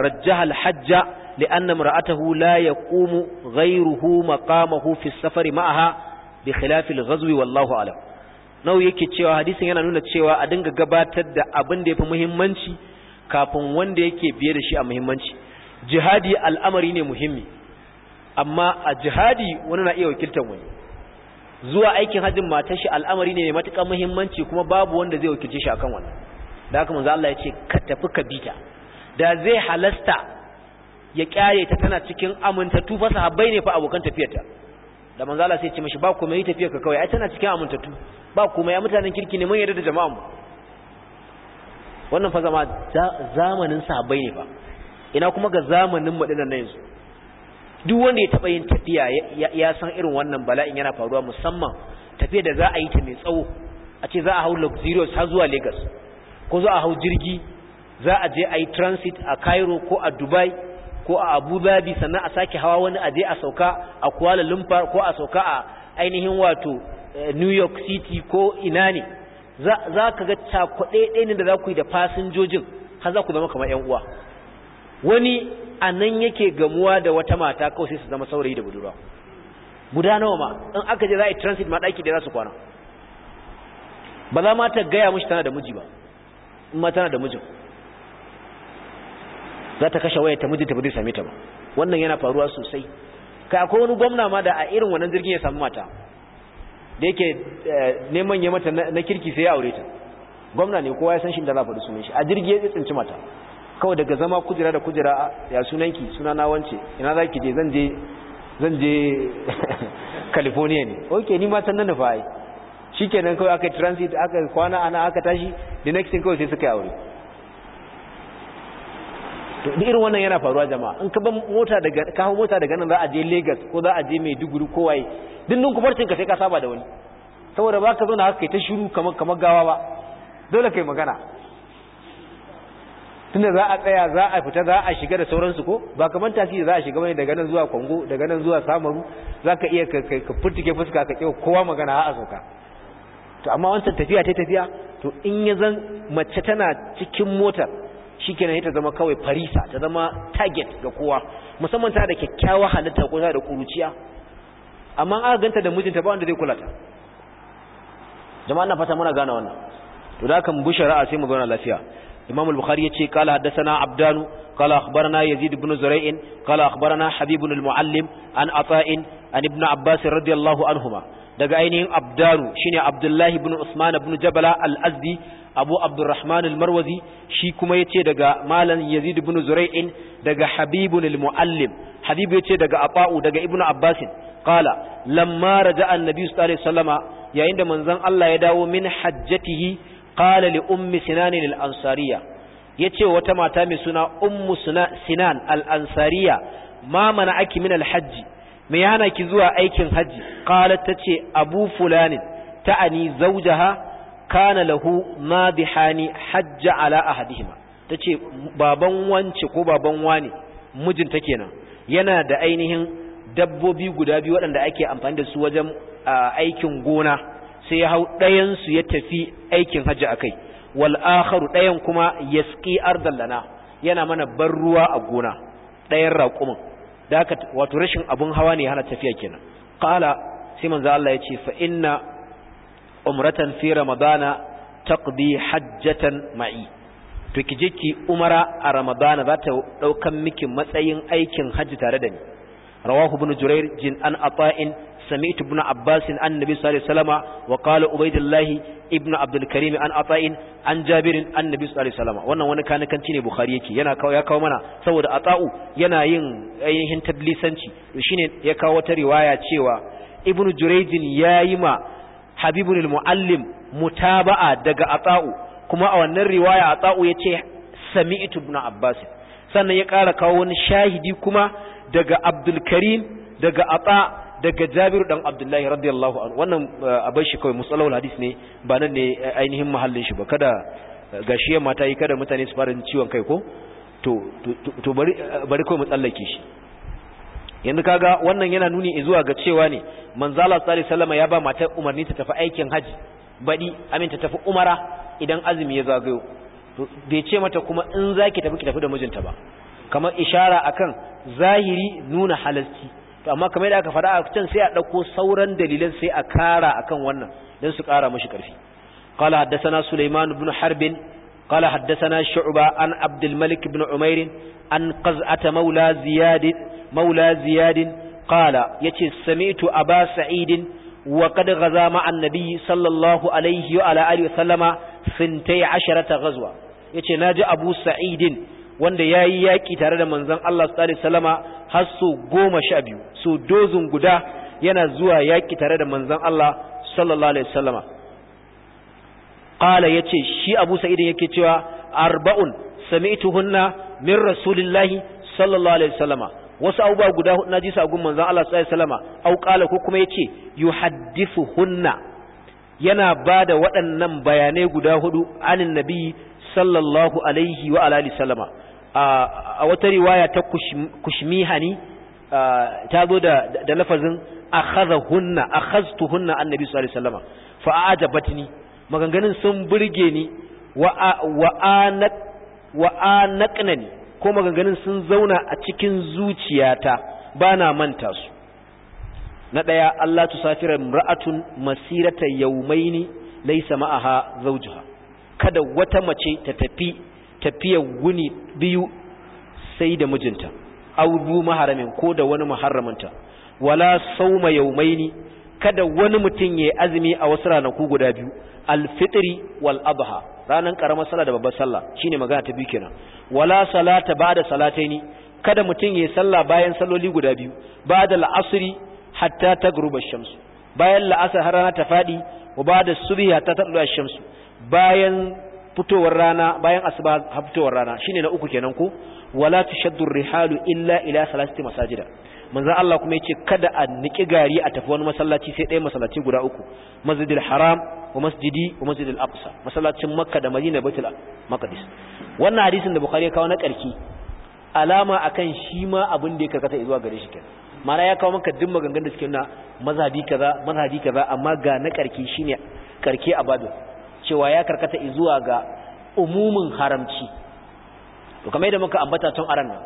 rajjaha al hajja لأن امرأته لا يقوم غيره مقامه في السفر معها bi khilafil ghazwi wallahu alam nau yake cewa hadisin yana nuna cewa a dinga gabatar da abin da yafi muhimmanci kafin wanda yake biye da shi a muhimmanci jihadi al'amari ne muhimmi amma a jihadi wani na iya wakiltar wani zuwa aikin hajjin matar shi al'amari ne mai matuƙar muhimmanci kuma babu wanda zai wakilce shi akan wannan da haka manzo Allah ya ce ka tafi ka bita da zai halasta ya kyare ta tana cikin amintattu fa sahabbai ne fa abokan tafiyarta da manzo Allah sai ya ce mishi ba komai yi tafiya ka kawai ai tana cikin amintattu ba komai ya mutanen kirki ne mun yarda da jama'a mu wannan fa zama zamanin sahabbai ne fa ina kuma ga zamanin mu dinan yanzu duk wanda ya taba yin tafiya ya san irin wannan bala'in yana faruwa musamman tafiya da za a yi ta mai tsawo a ce za a hau luxurious har zuwa Lagos ko za a hau jirgi za a je a yi transit a Cairo ko a Dubai ko a abu dhabi sannan a sake hawa wani aje a sauka a kuala lumpur ko a sauka a ainihin wato eh, new york city ko ina ne za ka ga cakwaɗe ɗaya ne da za ku yi da fasinjojin har za ku zama kamar yan uwa wani a nan yake gamuwa da wata mata kawai sai su zama saurayi da budurwa guda nawa ma in aka je za a yi transit ma ɗaki da za su kwana ba za ma ta gaya mashi tana da miji ba in ma tana da mijin za ta kashe wayar ta mijinta ba zai same ta ba wannan yana faruwa sosai kai akwai wani gwamna ma da a irin wannan jirgin ya samu mata da yake eh, neman ya mata na kirki sai ya aure ta gwamna ne kowa ya san shi da za faɗi sunan shi a jirgi ya tsinci mata kawai daga zama kujera da kujera ya ki suna na wance ina za ki je zan je zan je california ne ok ni ma san nan da fa'ai shi kenan kawai aka transit aka kwana ana aka tashi the next thing kawai sai suka yi aure to duk irin wannan yana faruwa jama'a in ka ban mota daga ka hawo mota daga nan za a je Lagos ko za a je Maiduguri ko waye dindin kubarcin ka sai ka saba da wani saboda ba ka zo haka kai ta shiru kamar kamar gawa ba dole kai magana tunda za a tsaya za a fita za a shiga da sauransu ko ba kamar tafi za a shiga bane daga nan zuwa Kongo daga nan zuwa Samaru zaka iya ka ka furtike fuska ka kiyo kowa magana a sauka to amma wancan tafiya ta tafiya to in ya zan mace tana cikin motar shikenan ta zama kawai farisa ta zama target ga kowa musamman ta da kyakkyawa halitta ko ta da kuruciya amma aka ganta da mijinta ba wanda zai kula ta jama'a na fata muna gane wannan to da kan bi shari'a sai mu zauna lafiya imam al-bukhari yace qala haddathana abdanu qala akhbarana yazid ibn zura'in qala akhbarana habib ibn al-muallim an ata'in an ibn abbas radiyallahu anhuma daga ainihin abdaru shine abdullahi ibn usman ibn jabala al-azdi abu abdurrahman al-marwazi shi kuma yace daga malam yazid ibn zurai'in daga habibun al-muallim habib yace daga afa'u daga ibnu abbasin qala lamma raja'a annabi sallallahu alaihi wasallama yayin da manzon Allah ya dawo min hajjatihi qala li ummi sinan al-ansariya yace wata mata mai suna ummu sinan al-ansariya ma mana aki min al-hajji me ya hana ki zuwa aikin hajji qalat tace abu fulani ta'ani zawjaha kana lahu ma bihani hajja ala ahadihima tace baban wance ko baban wani mijinta kenan yana da ainihin dabbobi guda biyu waɗanda ake amfani da su wajen aikin gona sai ya hau ɗayan su ya tafi aikin hajji akai wal akharu ɗayan kuma yasqi lana yana mana ban ruwa a gona ɗayan raƙumin da wato rashin abun hawa ne hana tafiya kenan qala sai manzo Allah ya fa inna umratan fi ramadana taqdi hajjatan ma'i to ki ki umara a ramadana za ta daukan miki matsayin aikin hajji tare da ni rawahu ibn jurair jin an ata'in سمعت ابن عباس عن النبي صلى الله عليه وسلم وقال عبيد الله ابن عبد الكريم عن عطاء عن جابر عن النبي صلى الله عليه وسلم wannan wani kana ne bukhari yake yana kawo ya kawo mana saboda ata'u yana yin ainihin tablisanci, to shine ya kawo wata riwaya cewa ibn ya yayi ma habibul muallim mutaba'a daga ata'u kuma a wannan riwaya ata'u yace sami'tu ibn abbas sannan ya ƙara kawo wani shahidi kuma daga abdul karim daga ata daga jabiru dan abdullahi radiyallahu anhu wannan eh, abin shi kawai musalawul hadis ne ba nan ne eh, ainihin mahallin shi ba kada eh, gashi yamma ta yi kada mutane su fara ciwon kai ko to to bari bari kawai mu tsallake shi yanzu kaga wannan yana nuni zuwa ga cewa ne manzala sallallahu alaihi wasallam ya ba matar umarni ta tafi aikin haji badi amin ta tafi umara idan azumi ya zagayo to bai ce mata kuma in zaki tafi ki tafi da mijinta ba kamar ishara akan zahiri nuna halalci to amma kamar yadda aka faɗa a can sai a ɗauko sauran dalilan sai a kara akan wannan don su kara mashi ƙarfi qala haddathana sulaiman ibn harbin qala haddathana shu'ba an abdul malik ibn umair an qaz'ata mawla ziyad maula ziyad qala yace sami'tu aba sa'id wa qad ghaza ma annabi sallallahu alaihi wa ala alihi wa sallama 12 ghazwa yace naji abu sa'id wanda yayi yaki tare da manzon Allah sallallahu alaihi wasallama har so goma sha biyu so dozin guda yana zuwa yaƙi tare da manzan Allah sallallahu alaihi wasallama qala ce shi Abu sa'idin yake cewa arba'un hunna min rasulillahi sallallahu alaihi wasallama wasu abubuwa guda hudu ji su a gun Allah sallallahu alaihi wasallama au qala ko kuma yace yuhaddithuhunna yana bada waɗannan bayanai guda hudu anin nabi sallallahu alaihi wa alihi sallama a wata riwaya ta kushmihani ta zo da lafazin akhadhahunna akhaztuhunna annabi sallallahu alaihi wasallam fa ajabatni maganganun sun burge ni anaknani ko maganganun sun zauna a cikin zuciyata ba na manta su na ɗaya Allah tu safira ra'atun masirata yaumaini laysa ma'aha zaujuha kada wata mace ta tafi tafiyar guni biyu sai da mijinta audu maharamin ko da wani ta, wala sauma yaumaini kada wani mutum ya azumi a wasu ranaku guda biyu alfitri wal adha ranan karamar sallah da babbar sallah shine magana ta biyu kenan wala salata ba'da salataini kada mutum ya sallah bayan salloli guda biyu ba'da al'asri hatta ta ash-shams bayan la'asar har rana ta fadi wa ba'da subhi hatta tadlu ash-shams bayan fitowar rana bayan asuba fitowar rana shine na uku kenan ko wala tashaddu rihalu illa ila salasati masajida manzo Allah kuma yace kada a niki gari a tafi wani masallaci sai dai masallaci guda uku masjidil haram wa masjidi wa masjidil aqsa masallacin makka da madina baitul maqdis wannan hadisin da bukhari ya kawo na karki alama akan shi ma abin da ya karkata zuwa gare shi kenan mana ya kawo maka duk gangan da suke na mazhabi kaza mazhabi kaza amma ga na karki shine karki a cewa ya karkata zuwa ga umumin haramci to kamar yadda muka ambata tun aran nan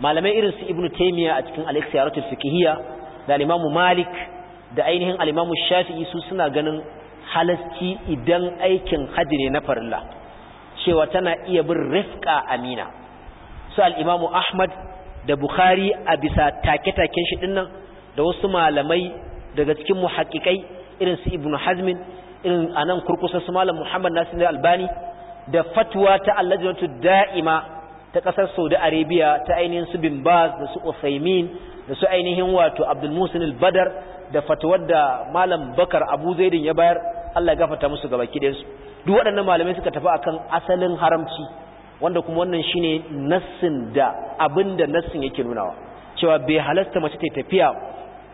malamai irin su ibnu taymiya a cikin al-ikhtiyaratul fiqhiyya da al-imam malik da ainihin al-imam shafi'i su suna ganin halasci idan aikin haji ne na farilla cewa tana iya bin rifqa amina su al-imam ahmad da bukhari a bisa take take shi dinnan da wasu malamai daga cikin muhaqqiqai irin su ibnu hazmin a nan kurkusa su malam Muhammad Nasir Albani da fatwa ta allajinatu da'ima ta kasar Saudi Arabia ta ainihin su bin Baz da su Uthaymin da su ainihin wato Abdul Musin albadar badar da fatwar da malam Bakar Abu Zaidin ya bayar Allah ya gafarta musu gaba kidansu duk waɗannan malamai suka tafi akan asalin haramci wanda kuma wannan shine nassin da abinda nassin yake nunawa cewa bai halasta mace ta tafiya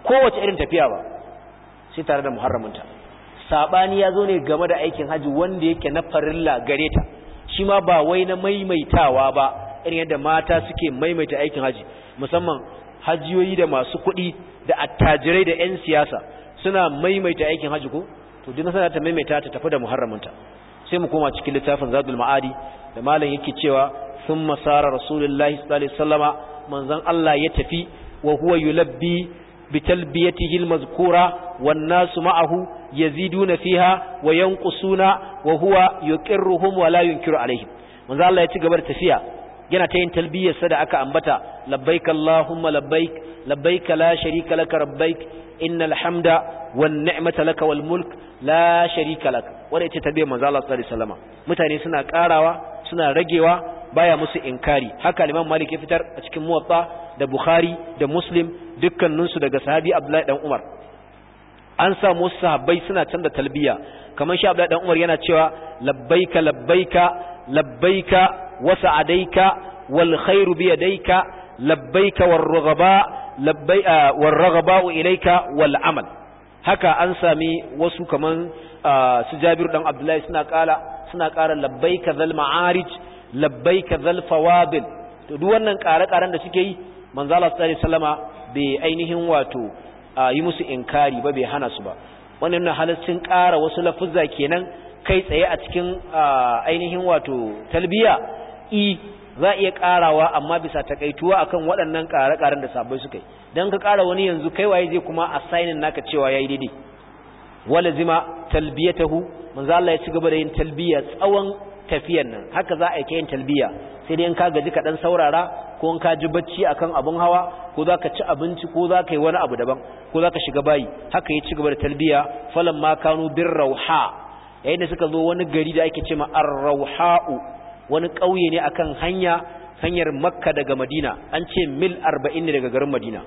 kowace irin tafiya ba sai tare da muharraminta sabani ya zo ne game da aikin haji wanda yake na farilla gare ta shi ma ba wai na maimaitawa ba irin yadda mata suke maimaita aikin haji musamman hajiyoyi da masu kuɗi da attajirai da 'yan siyasa suna maimaita aikin haji ko to duk sana ta maimaita ta tafi da muharraminta sai mu koma cikin littafin zadul ma'adi da malam yake cewa sun masara rasulullahi sallallahu alaihi wasallama manzon Allah ya tafi wa huwa yulabbi بتلبيته المذكورة والناس معه يزيدون فيها وينقصون وهو يقرهم ولا ينكر عليهم manzo Allah ya ci gaba da tafiya yana ta yin talbiyar sa da aka ambata labbaik allahumma labbaik labbaik la sharika lak rabbaik innal hamda wan ni'mata lak wal mulk la sharika lak wanda yace talbiyar manzo Allah sallallahu alaihi wasallam mutane suna karawa suna ragewa baya musu inkari haka Imam Malik ya fitar a cikin Muwatta da Bukhari da Muslim dukkaninsu daga sahabi abdullahi dan umar an samu wasu sahabbai suna canza talbiya kamar shi abdullahi dan umar yana cewa labbaika labbaika labbaika wa sa'adaika wal khairu bi yadaika labbaika war raghaba labbai ah, war raghaba ilayka wal amal haka an sami wasu kaman ah, su Jabir dan Abdullahi suna kala suna kara labbaika zal ma'arij labbaika zal fawadil to duk wannan kare-karen da suke yi manzala Allah sallallahu alaihi bai ainihin wato yi musu inkari ba bai hana su ba wannan na halaccin ƙara wasu lafuzza kenan kai tsaye a cikin ainihin wato talbiya i za iya karawa amma bisa takaituwa akan waɗannan ƙare-ƙaren da sabai suka yi don ka kara wani yanzu kai waye zai kuma a naka cewa ya yi daidai wala zima talbiya tahu Allah ya ci gaba da yin talbiya tsawon tafiyan nan haka za a yi yin talbiya sai dai in ka gaji ka dan saurara ko in ka ji bacci akan abun hawa ko za ka ci abinci ko za ka yi wani abu daban ko za ka shiga bayi haka ya ci gaba da talbiya falon ma kanu bin rauha yayin da suka zo wani gari da ake ce ma ar-rauha'u wani ƙauye ne akan hanya hanyar makka daga madina an ce mil arba'in ne daga garin madina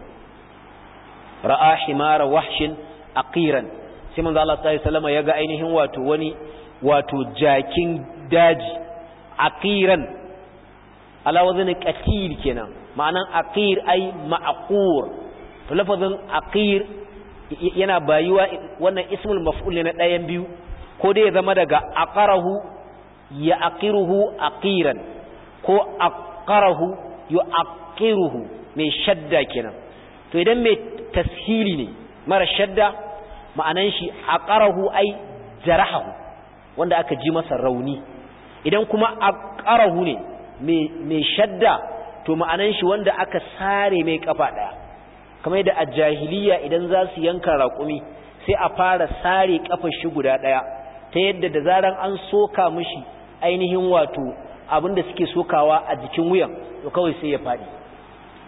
ra'a himara wahshin aqiran sai manzo Allah sallallahu alaihi wasallam ya ga ainihin wato wani wato jakin daji aqiran ala katir qatil kenan ma'anan aqir ai ma'qur to lafazin aqir yana bayuwa wannan ismul maf'ul ne na ɗayan biyu ko dai ya zama daga aqarahu ya aqiruhu aqiran ko aqarahu ya aqiruhu mai shadda kenan to idan mai tashili ne mara shadda ma'anan shi aqarahu ay jarahahu wanda aka ji masa rauni idan kuma a karahu ne mai shadda to ma'anan shi wanda aka sare mai kafa ɗaya kamar da a jahiliya idan za su yanka raƙumi sai a fara sare kafar shi guda ɗaya ta yadda da zaran an soka mishi ainihin wato abinda suke sokawa a jikin wuyan to kawai sai ya fadi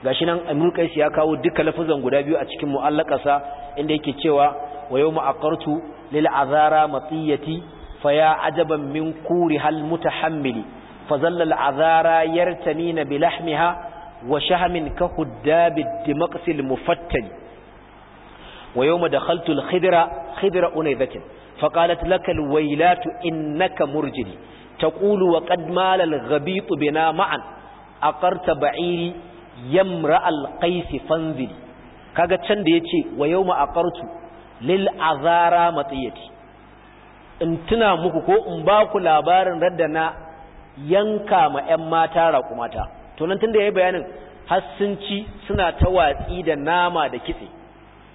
gashi nan Amir Qais ya kawo duka lafazan guda biyu a cikin mu'allakasa inda yake cewa wa yau aqartu lil azara فيا عجبا من كورها المتحمل فظل العذارى يرتمين بلحمها وشهم كخداب الدمقس المفتن ويوم دخلت الخضر خضر أنيبة فقالت لك الويلات إنك مرجلي تقول وقد مال الغبيط بنا معا أقرت بعيري يمرأ القيس فانزلي كاغا تشند يتي ويوم أقرت للعذارى مطيتي in tuna muku ko in ba ku labarin radda na yanka ma 'yan mata raƙumata to nan tun da ya yi bayanin har suna ta watsi da nama da kitse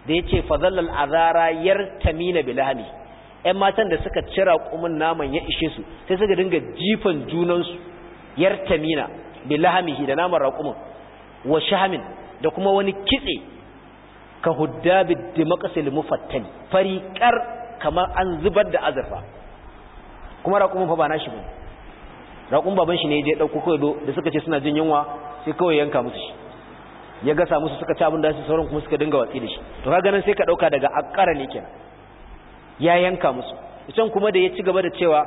da ya ce fazallal azara yar tamina bilahami 'yan matan da suka ci raƙumin naman ya ishe su sai suka dinga jifan junansu yar tamina bilahamihi da naman raƙumin wa shahamin da kuma wani kitse ka hudda biddi mufattani fariƙar kamar an zubar da azurfa kuma raƙumin fa ba na shi ba Raƙumin baban shi ne ya je ɗauko kawai da suka ce suna jin yunwa sai kawai yanka musu shi ya gasa musu suka ci abin da su sauran kuma suka dinga watsi da shi to ka ganin sai ka ɗauka daga akara ne kenan ya yanka musu can kuma da ya ci gaba da cewa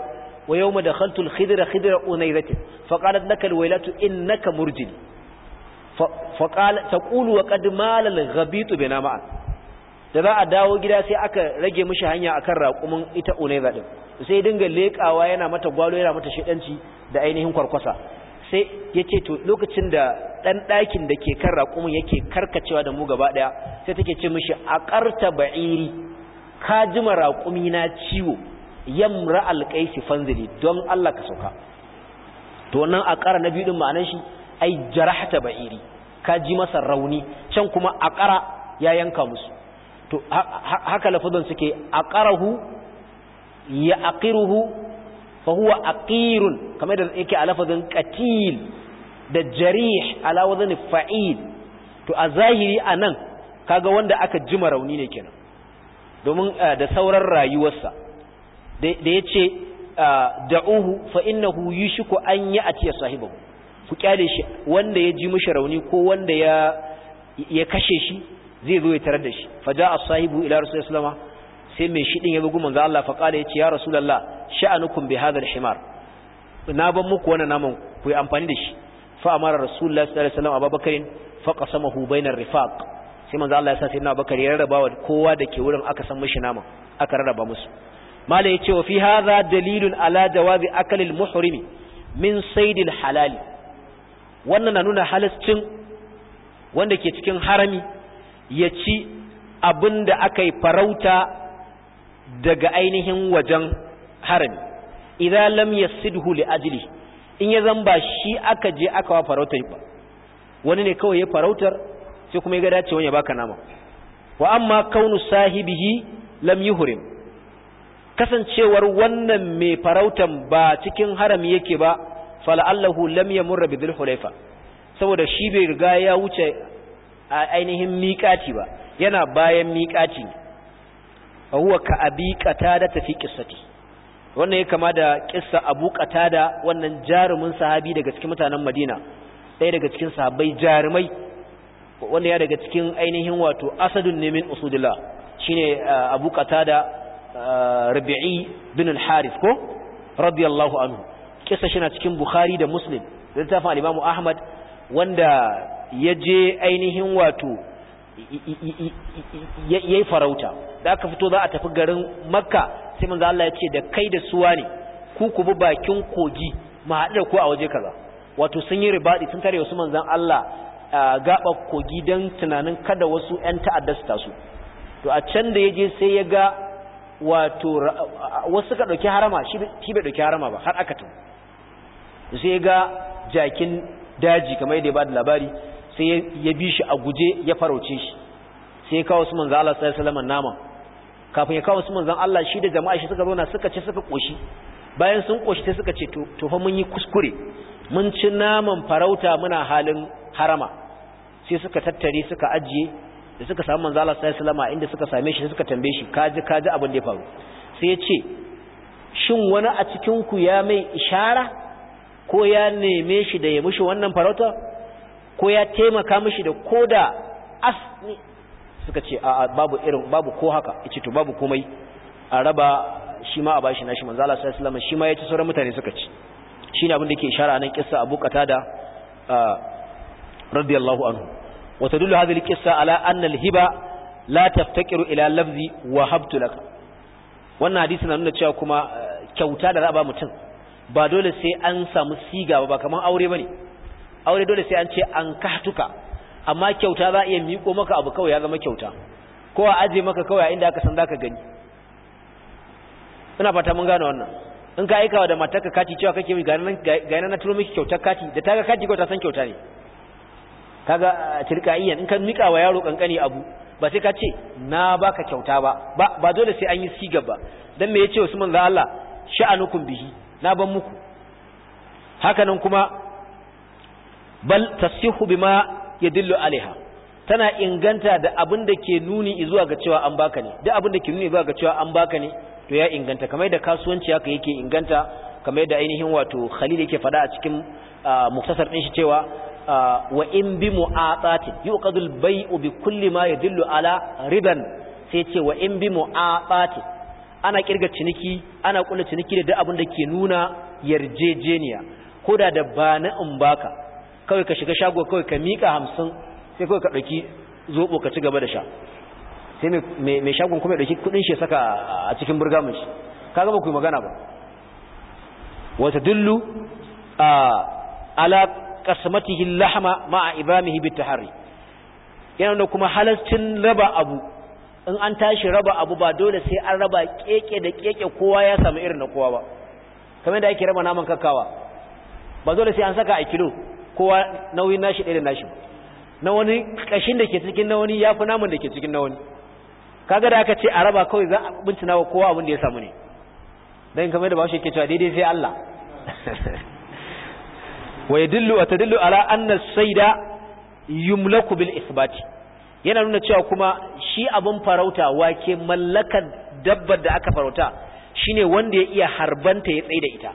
wa yawma dakhaltu al-khidra khidra unayrati fa qalat lakal waylatu innaka murjil fa qala taqulu wa qad malal ghabitu bina ma'a da za a dawo gida sai aka rage mishi hanya a kan raƙumin ita unaiza ɗin sai dinga leƙawa yana mata gwalo yana mata shiɗanci, da ainihin kwarkwasa sai ya ce to lokacin da ɗan ɗakin da ke kan raƙumin yake karkacewa da mu gaba ɗaya sai take ce mishi ƙarta ba'iri ka jima raƙumi na ciwo yamra alƙaisi fanzili don Allah ka sauka to wannan ƙara na biyu din ma'anar shi ai jarahta ba'iri ka ji masa rauni can kuma ƙara ya yanka musu to haka lafazan suke aqarahu ya aqiruhu fa huwa aqirun kamar da yake a lafazin qatil da jarih ala wazn fa'il to a zahiri anan kaga wanda aka jima rauni ne kenan domin eh, da sauran rayuwarsa da yace eh, da'uhu fa innahu yushku an ya'ti sahibahu ku kyale shi wanda ya ji mishi rauni ko wanda ya ya kashe shi zai zo ya tarar da shi fa as-sahibu ila rasulullahi sallallahu alaihi wasallam sai mai shi shidin ya bugu manzo Allah fa kala yace ya rasulullah sha'anukum bi hadha al-himar na ban muku wannan naman ku yi amfani da shi fa amara rasulullahi sallallahu alaihi wasallam abubakarin fa qasamahu bainar rifaq sai manzo Allah ya sa sayyidina abubakar ya rarraba kowa da ke wurin aka san mishi naman aka rarraba musu mala yace wa fi hadha dalilun ala jawazi akalil muhrimi min saydil halali wannan na nuna halascin wanda ke cikin harami ya ci abin da aka yi farauta daga ainihin wajen harami idan lam yasidhu li ajli in ya zamba shi aka je aka wa farautar ba wani ne kawai ya farautar sai kuma ya ga wani ya baka nama wa amma kaunu sahibihi lam yuhrim kasancewar wannan mai farautan ba cikin harami yake ba fala'allahu lam yamurra bidil hulaifa saboda shi bai riga ya wuce a ainihin miƙaci ba yana bayan miƙaci a huwa ka abi da tafi qissati wannan ya kama da ƙisa abu da wannan jarumin sahabi daga cikin mutanen madina ɗaya daga cikin sahabai jarumai wanda ya daga cikin ainihin wato asadun ne min shi shine abu da rabi'i bin al-haris ko radiyallahu anhu ƙisa shi na cikin bukhari da muslim zai al ahmad wanda ya je ainihin wato ya farauta da aka fito za a tafi garin makka sai manzo Allah ya ce da kai da suwa ne ku ku bi bakin kogi ma haɗu da ku a waje kaza wato sun yi ribadi sun tare wasu manzan Allah gaba kogi dan tunanin kada wasu 'yan ta'adda su taso to a can da ya sai ya ga wato wasu ka ɗauki harama shi bai ɗauki harama ba har aka tun sai ya ga jakin daji kamar yadda ya ba da labari sai ya bi shi a guje ya farauce shi sai ya kawo su manzan Allah sai nama kafin ya kawo su manzan Allah shi da jama'a shi suka zauna suka ci suka koshi bayan sun koshi sai suka ce to fa mun yi kuskure mun ci naman farauta muna halin harama sai suka tattare suka ajiye da suka samu manzan Allah sai alaihi inda suka same shi suka tambaye shi kaji kaji abin da ya faru sai ya ce shin wani a cikin ku ya mai ishara ko ya neme shi da ya mushi wannan farauta ko ya taimaka mishi da koda as suka ce a babu irin babu ko haka yace to babu komai a raba shi ma a bashi nashi manzo Allah sallallahu alaihi wasallam shi ma yace sauran mutane suka ci shine abin da yake ishara nan kissa Abu Qatada radiyallahu anhu wa tadullu hadhihi al-qissa ala anna al-hiba la taftakiru ila lafzi wa habtu lak wannan hadisi na nuna cewa kuma kyauta da raba mutum ba dole sai an samu siga ba kamar aure bane aure dole sai an ce an kahtuka amma kyauta za a iya miƙo maka abu kawai ya zama kyauta ko a aje maka kawai a inda aka san zaka gani ina fata mun gane wannan in ka aikawa da matarka kati cewa kake mi ga na turo miki kyautar kati da ta ga kati ko ta san kyauta ne kaga tirkaiyan in ka miƙa wa yaro kankani abu ba sai ka ce na baka kyauta ba ba dole sai an yi siga ba dan me yace Usman da Allah sha'anukum bihi na ban muku hakanan kuma bal tasihu bima yadullu alaiha tana inganta da abin da ke nuni zuwa ga cewa an baka ne da abin da ke nuni zuwa ga cewa an baka ne to ya inganta kamar da kasuwanci haka yake inganta kamar da ainihin wato Khalil yake fada a cikin muktasar din shi cewa wa in bi mu'atati yuqadu al-bay'u bi kulli ma yadullu ala riban sai ce wa in bi mu'atati ana kirga ciniki ana kula ciniki da duk abin da ke nuna yarjejeniya koda da ba na in baka kawai ka shiga shago kawai ka miƙa hamsin sai kawai ka ɗauki zoɓo ka ci gaba da sha sai mai shagon kuma ya ɗauki kudin shi saka a cikin burgamin shi ka gaba ku magana ba wata dillu ala kasmatihi lahama ma a ibamihi bit tahari yana da kuma halarcin raba abu in an tashi raba abu ba dole sai an raba keke da keke kowa ya samu irin na kowa ba kamar da ake raba naman kakawa ba dole sai an saka a kilo kowa nauyin nashi ɗaya da nashi na wani ƙashin da ke cikin na wani ya fi namun da ke cikin na wani kaga da aka ce a raba kawai za a bincina wa kowa abin da ya samu ne don kamar da ba shi ke cewa daidai sai Allah wa yadullu wa tadullu ala anna sayda yumlaku bil isbati yana nuna cewa kuma shi abin farauta wake mallakar dabbar da aka farauta shi ne wanda ya iya harbanta ya tsaye da ita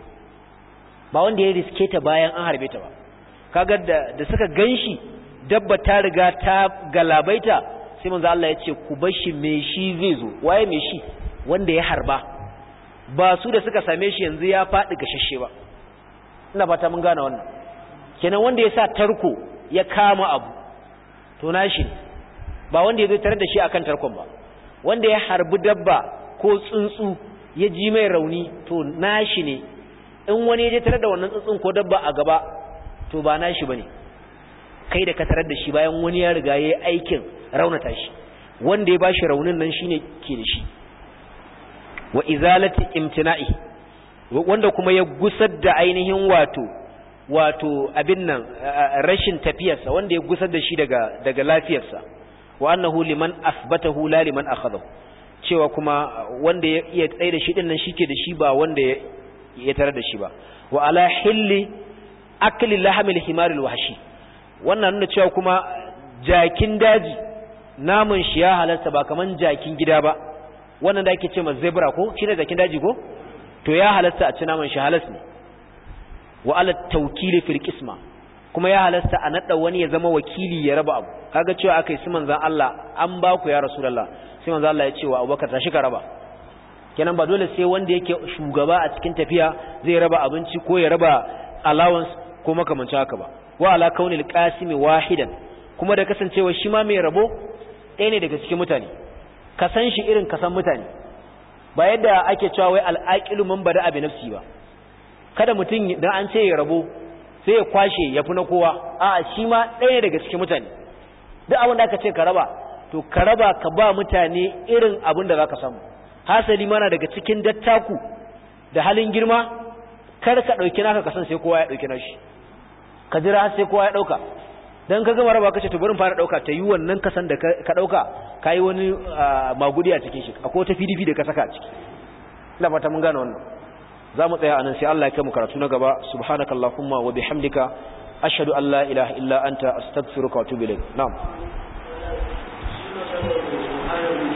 ba wanda ya riske ta bayan an harbe ta ba kaga da da suka ganshi dabba ta riga ta galabaita sai manzo Allah ya ce ku bashi me shi zai zo waye me shi wanda ya harba ba su da suka same shi yanzu ya faɗi gashashe ba ina fata mun gane wannan kenan wanda ya sa tarko ya kama abu to nashi ba wanda ya zo tare da shi akan tarkon ba wanda ya harbi dabba ko tsuntsu ya ji mai rauni to nashi ne in wani ya je tare da wannan tsuntsun ko dabba a gaba to ba nashi bane kai da ka tarar da shi bayan wani ya riga ya yi aikin raunata shi wanda ya ba shi raunin nan shine ke da shi wa izalati imtina'i wanda kuma ya gusar da ainihin wato wato abin nan rashin tafiyarsa wanda ya gusar da shi daga daga lafiyarsa wa annahu liman asbatahu la liman akhadahu cewa kuma wanda ya iya tsaye da shi din nan shike da shi ba wanda ya tarar da shi ba wa ala hilli akli lahamil himaril wahshi wannan nuna cewa kuma jakin daji namun shi ya halarta ba kaman jakin gida ba wannan da ake ce ma zebra ko shine jakin daji ko to ya halarta a ci namun shi halas ne wa ala tawkil fil qisma kuma ya halasta a nada wani ya zama wakili ya raba abu kaga cewa akai su manzon Allah an ba ku ya rasulullah sai manzon Allah ya ce wa Abubakar tashi ka raba kenan ba dole sai wanda yake shugaba a cikin tafiya zai raba abinci ko ya raba allowance ko makamanci haka ba wa ala kaunil qasimi wahidan kuma da kasancewa shi ma mai rabo ɗaya ne daga cikin mutane ka san shi irin ka san mutane ba yadda ake cewa wai al'aqilu man bada abi nafsi ba kada mutum da an ce ya rabo sai ya kwashe ya fi na kowa a shi ma ɗaya ne daga cikin mutane duk abin da aka ce ka raba to ka raba ka ba mutane irin abin da za ka samu hasali mana daga cikin dattaku da halin girma kar ka ɗauki naka ka san sai kowa ya ɗauki na shi ka jira sai kowa ya dauka dan ka gama raba kace to bari fara dauka ta yi wannan kasan da ka dauka kai wani magudi a cikin shi akwai ta fidifi da ka saka a ciki ina fata mun gane wannan zamu tsaya anan sai Allah ya kai mu karatu na gaba subhanakallahumma wa bihamdika ashhadu an la ilaha illa anta astaghfiruka wa atubu ilaik na'am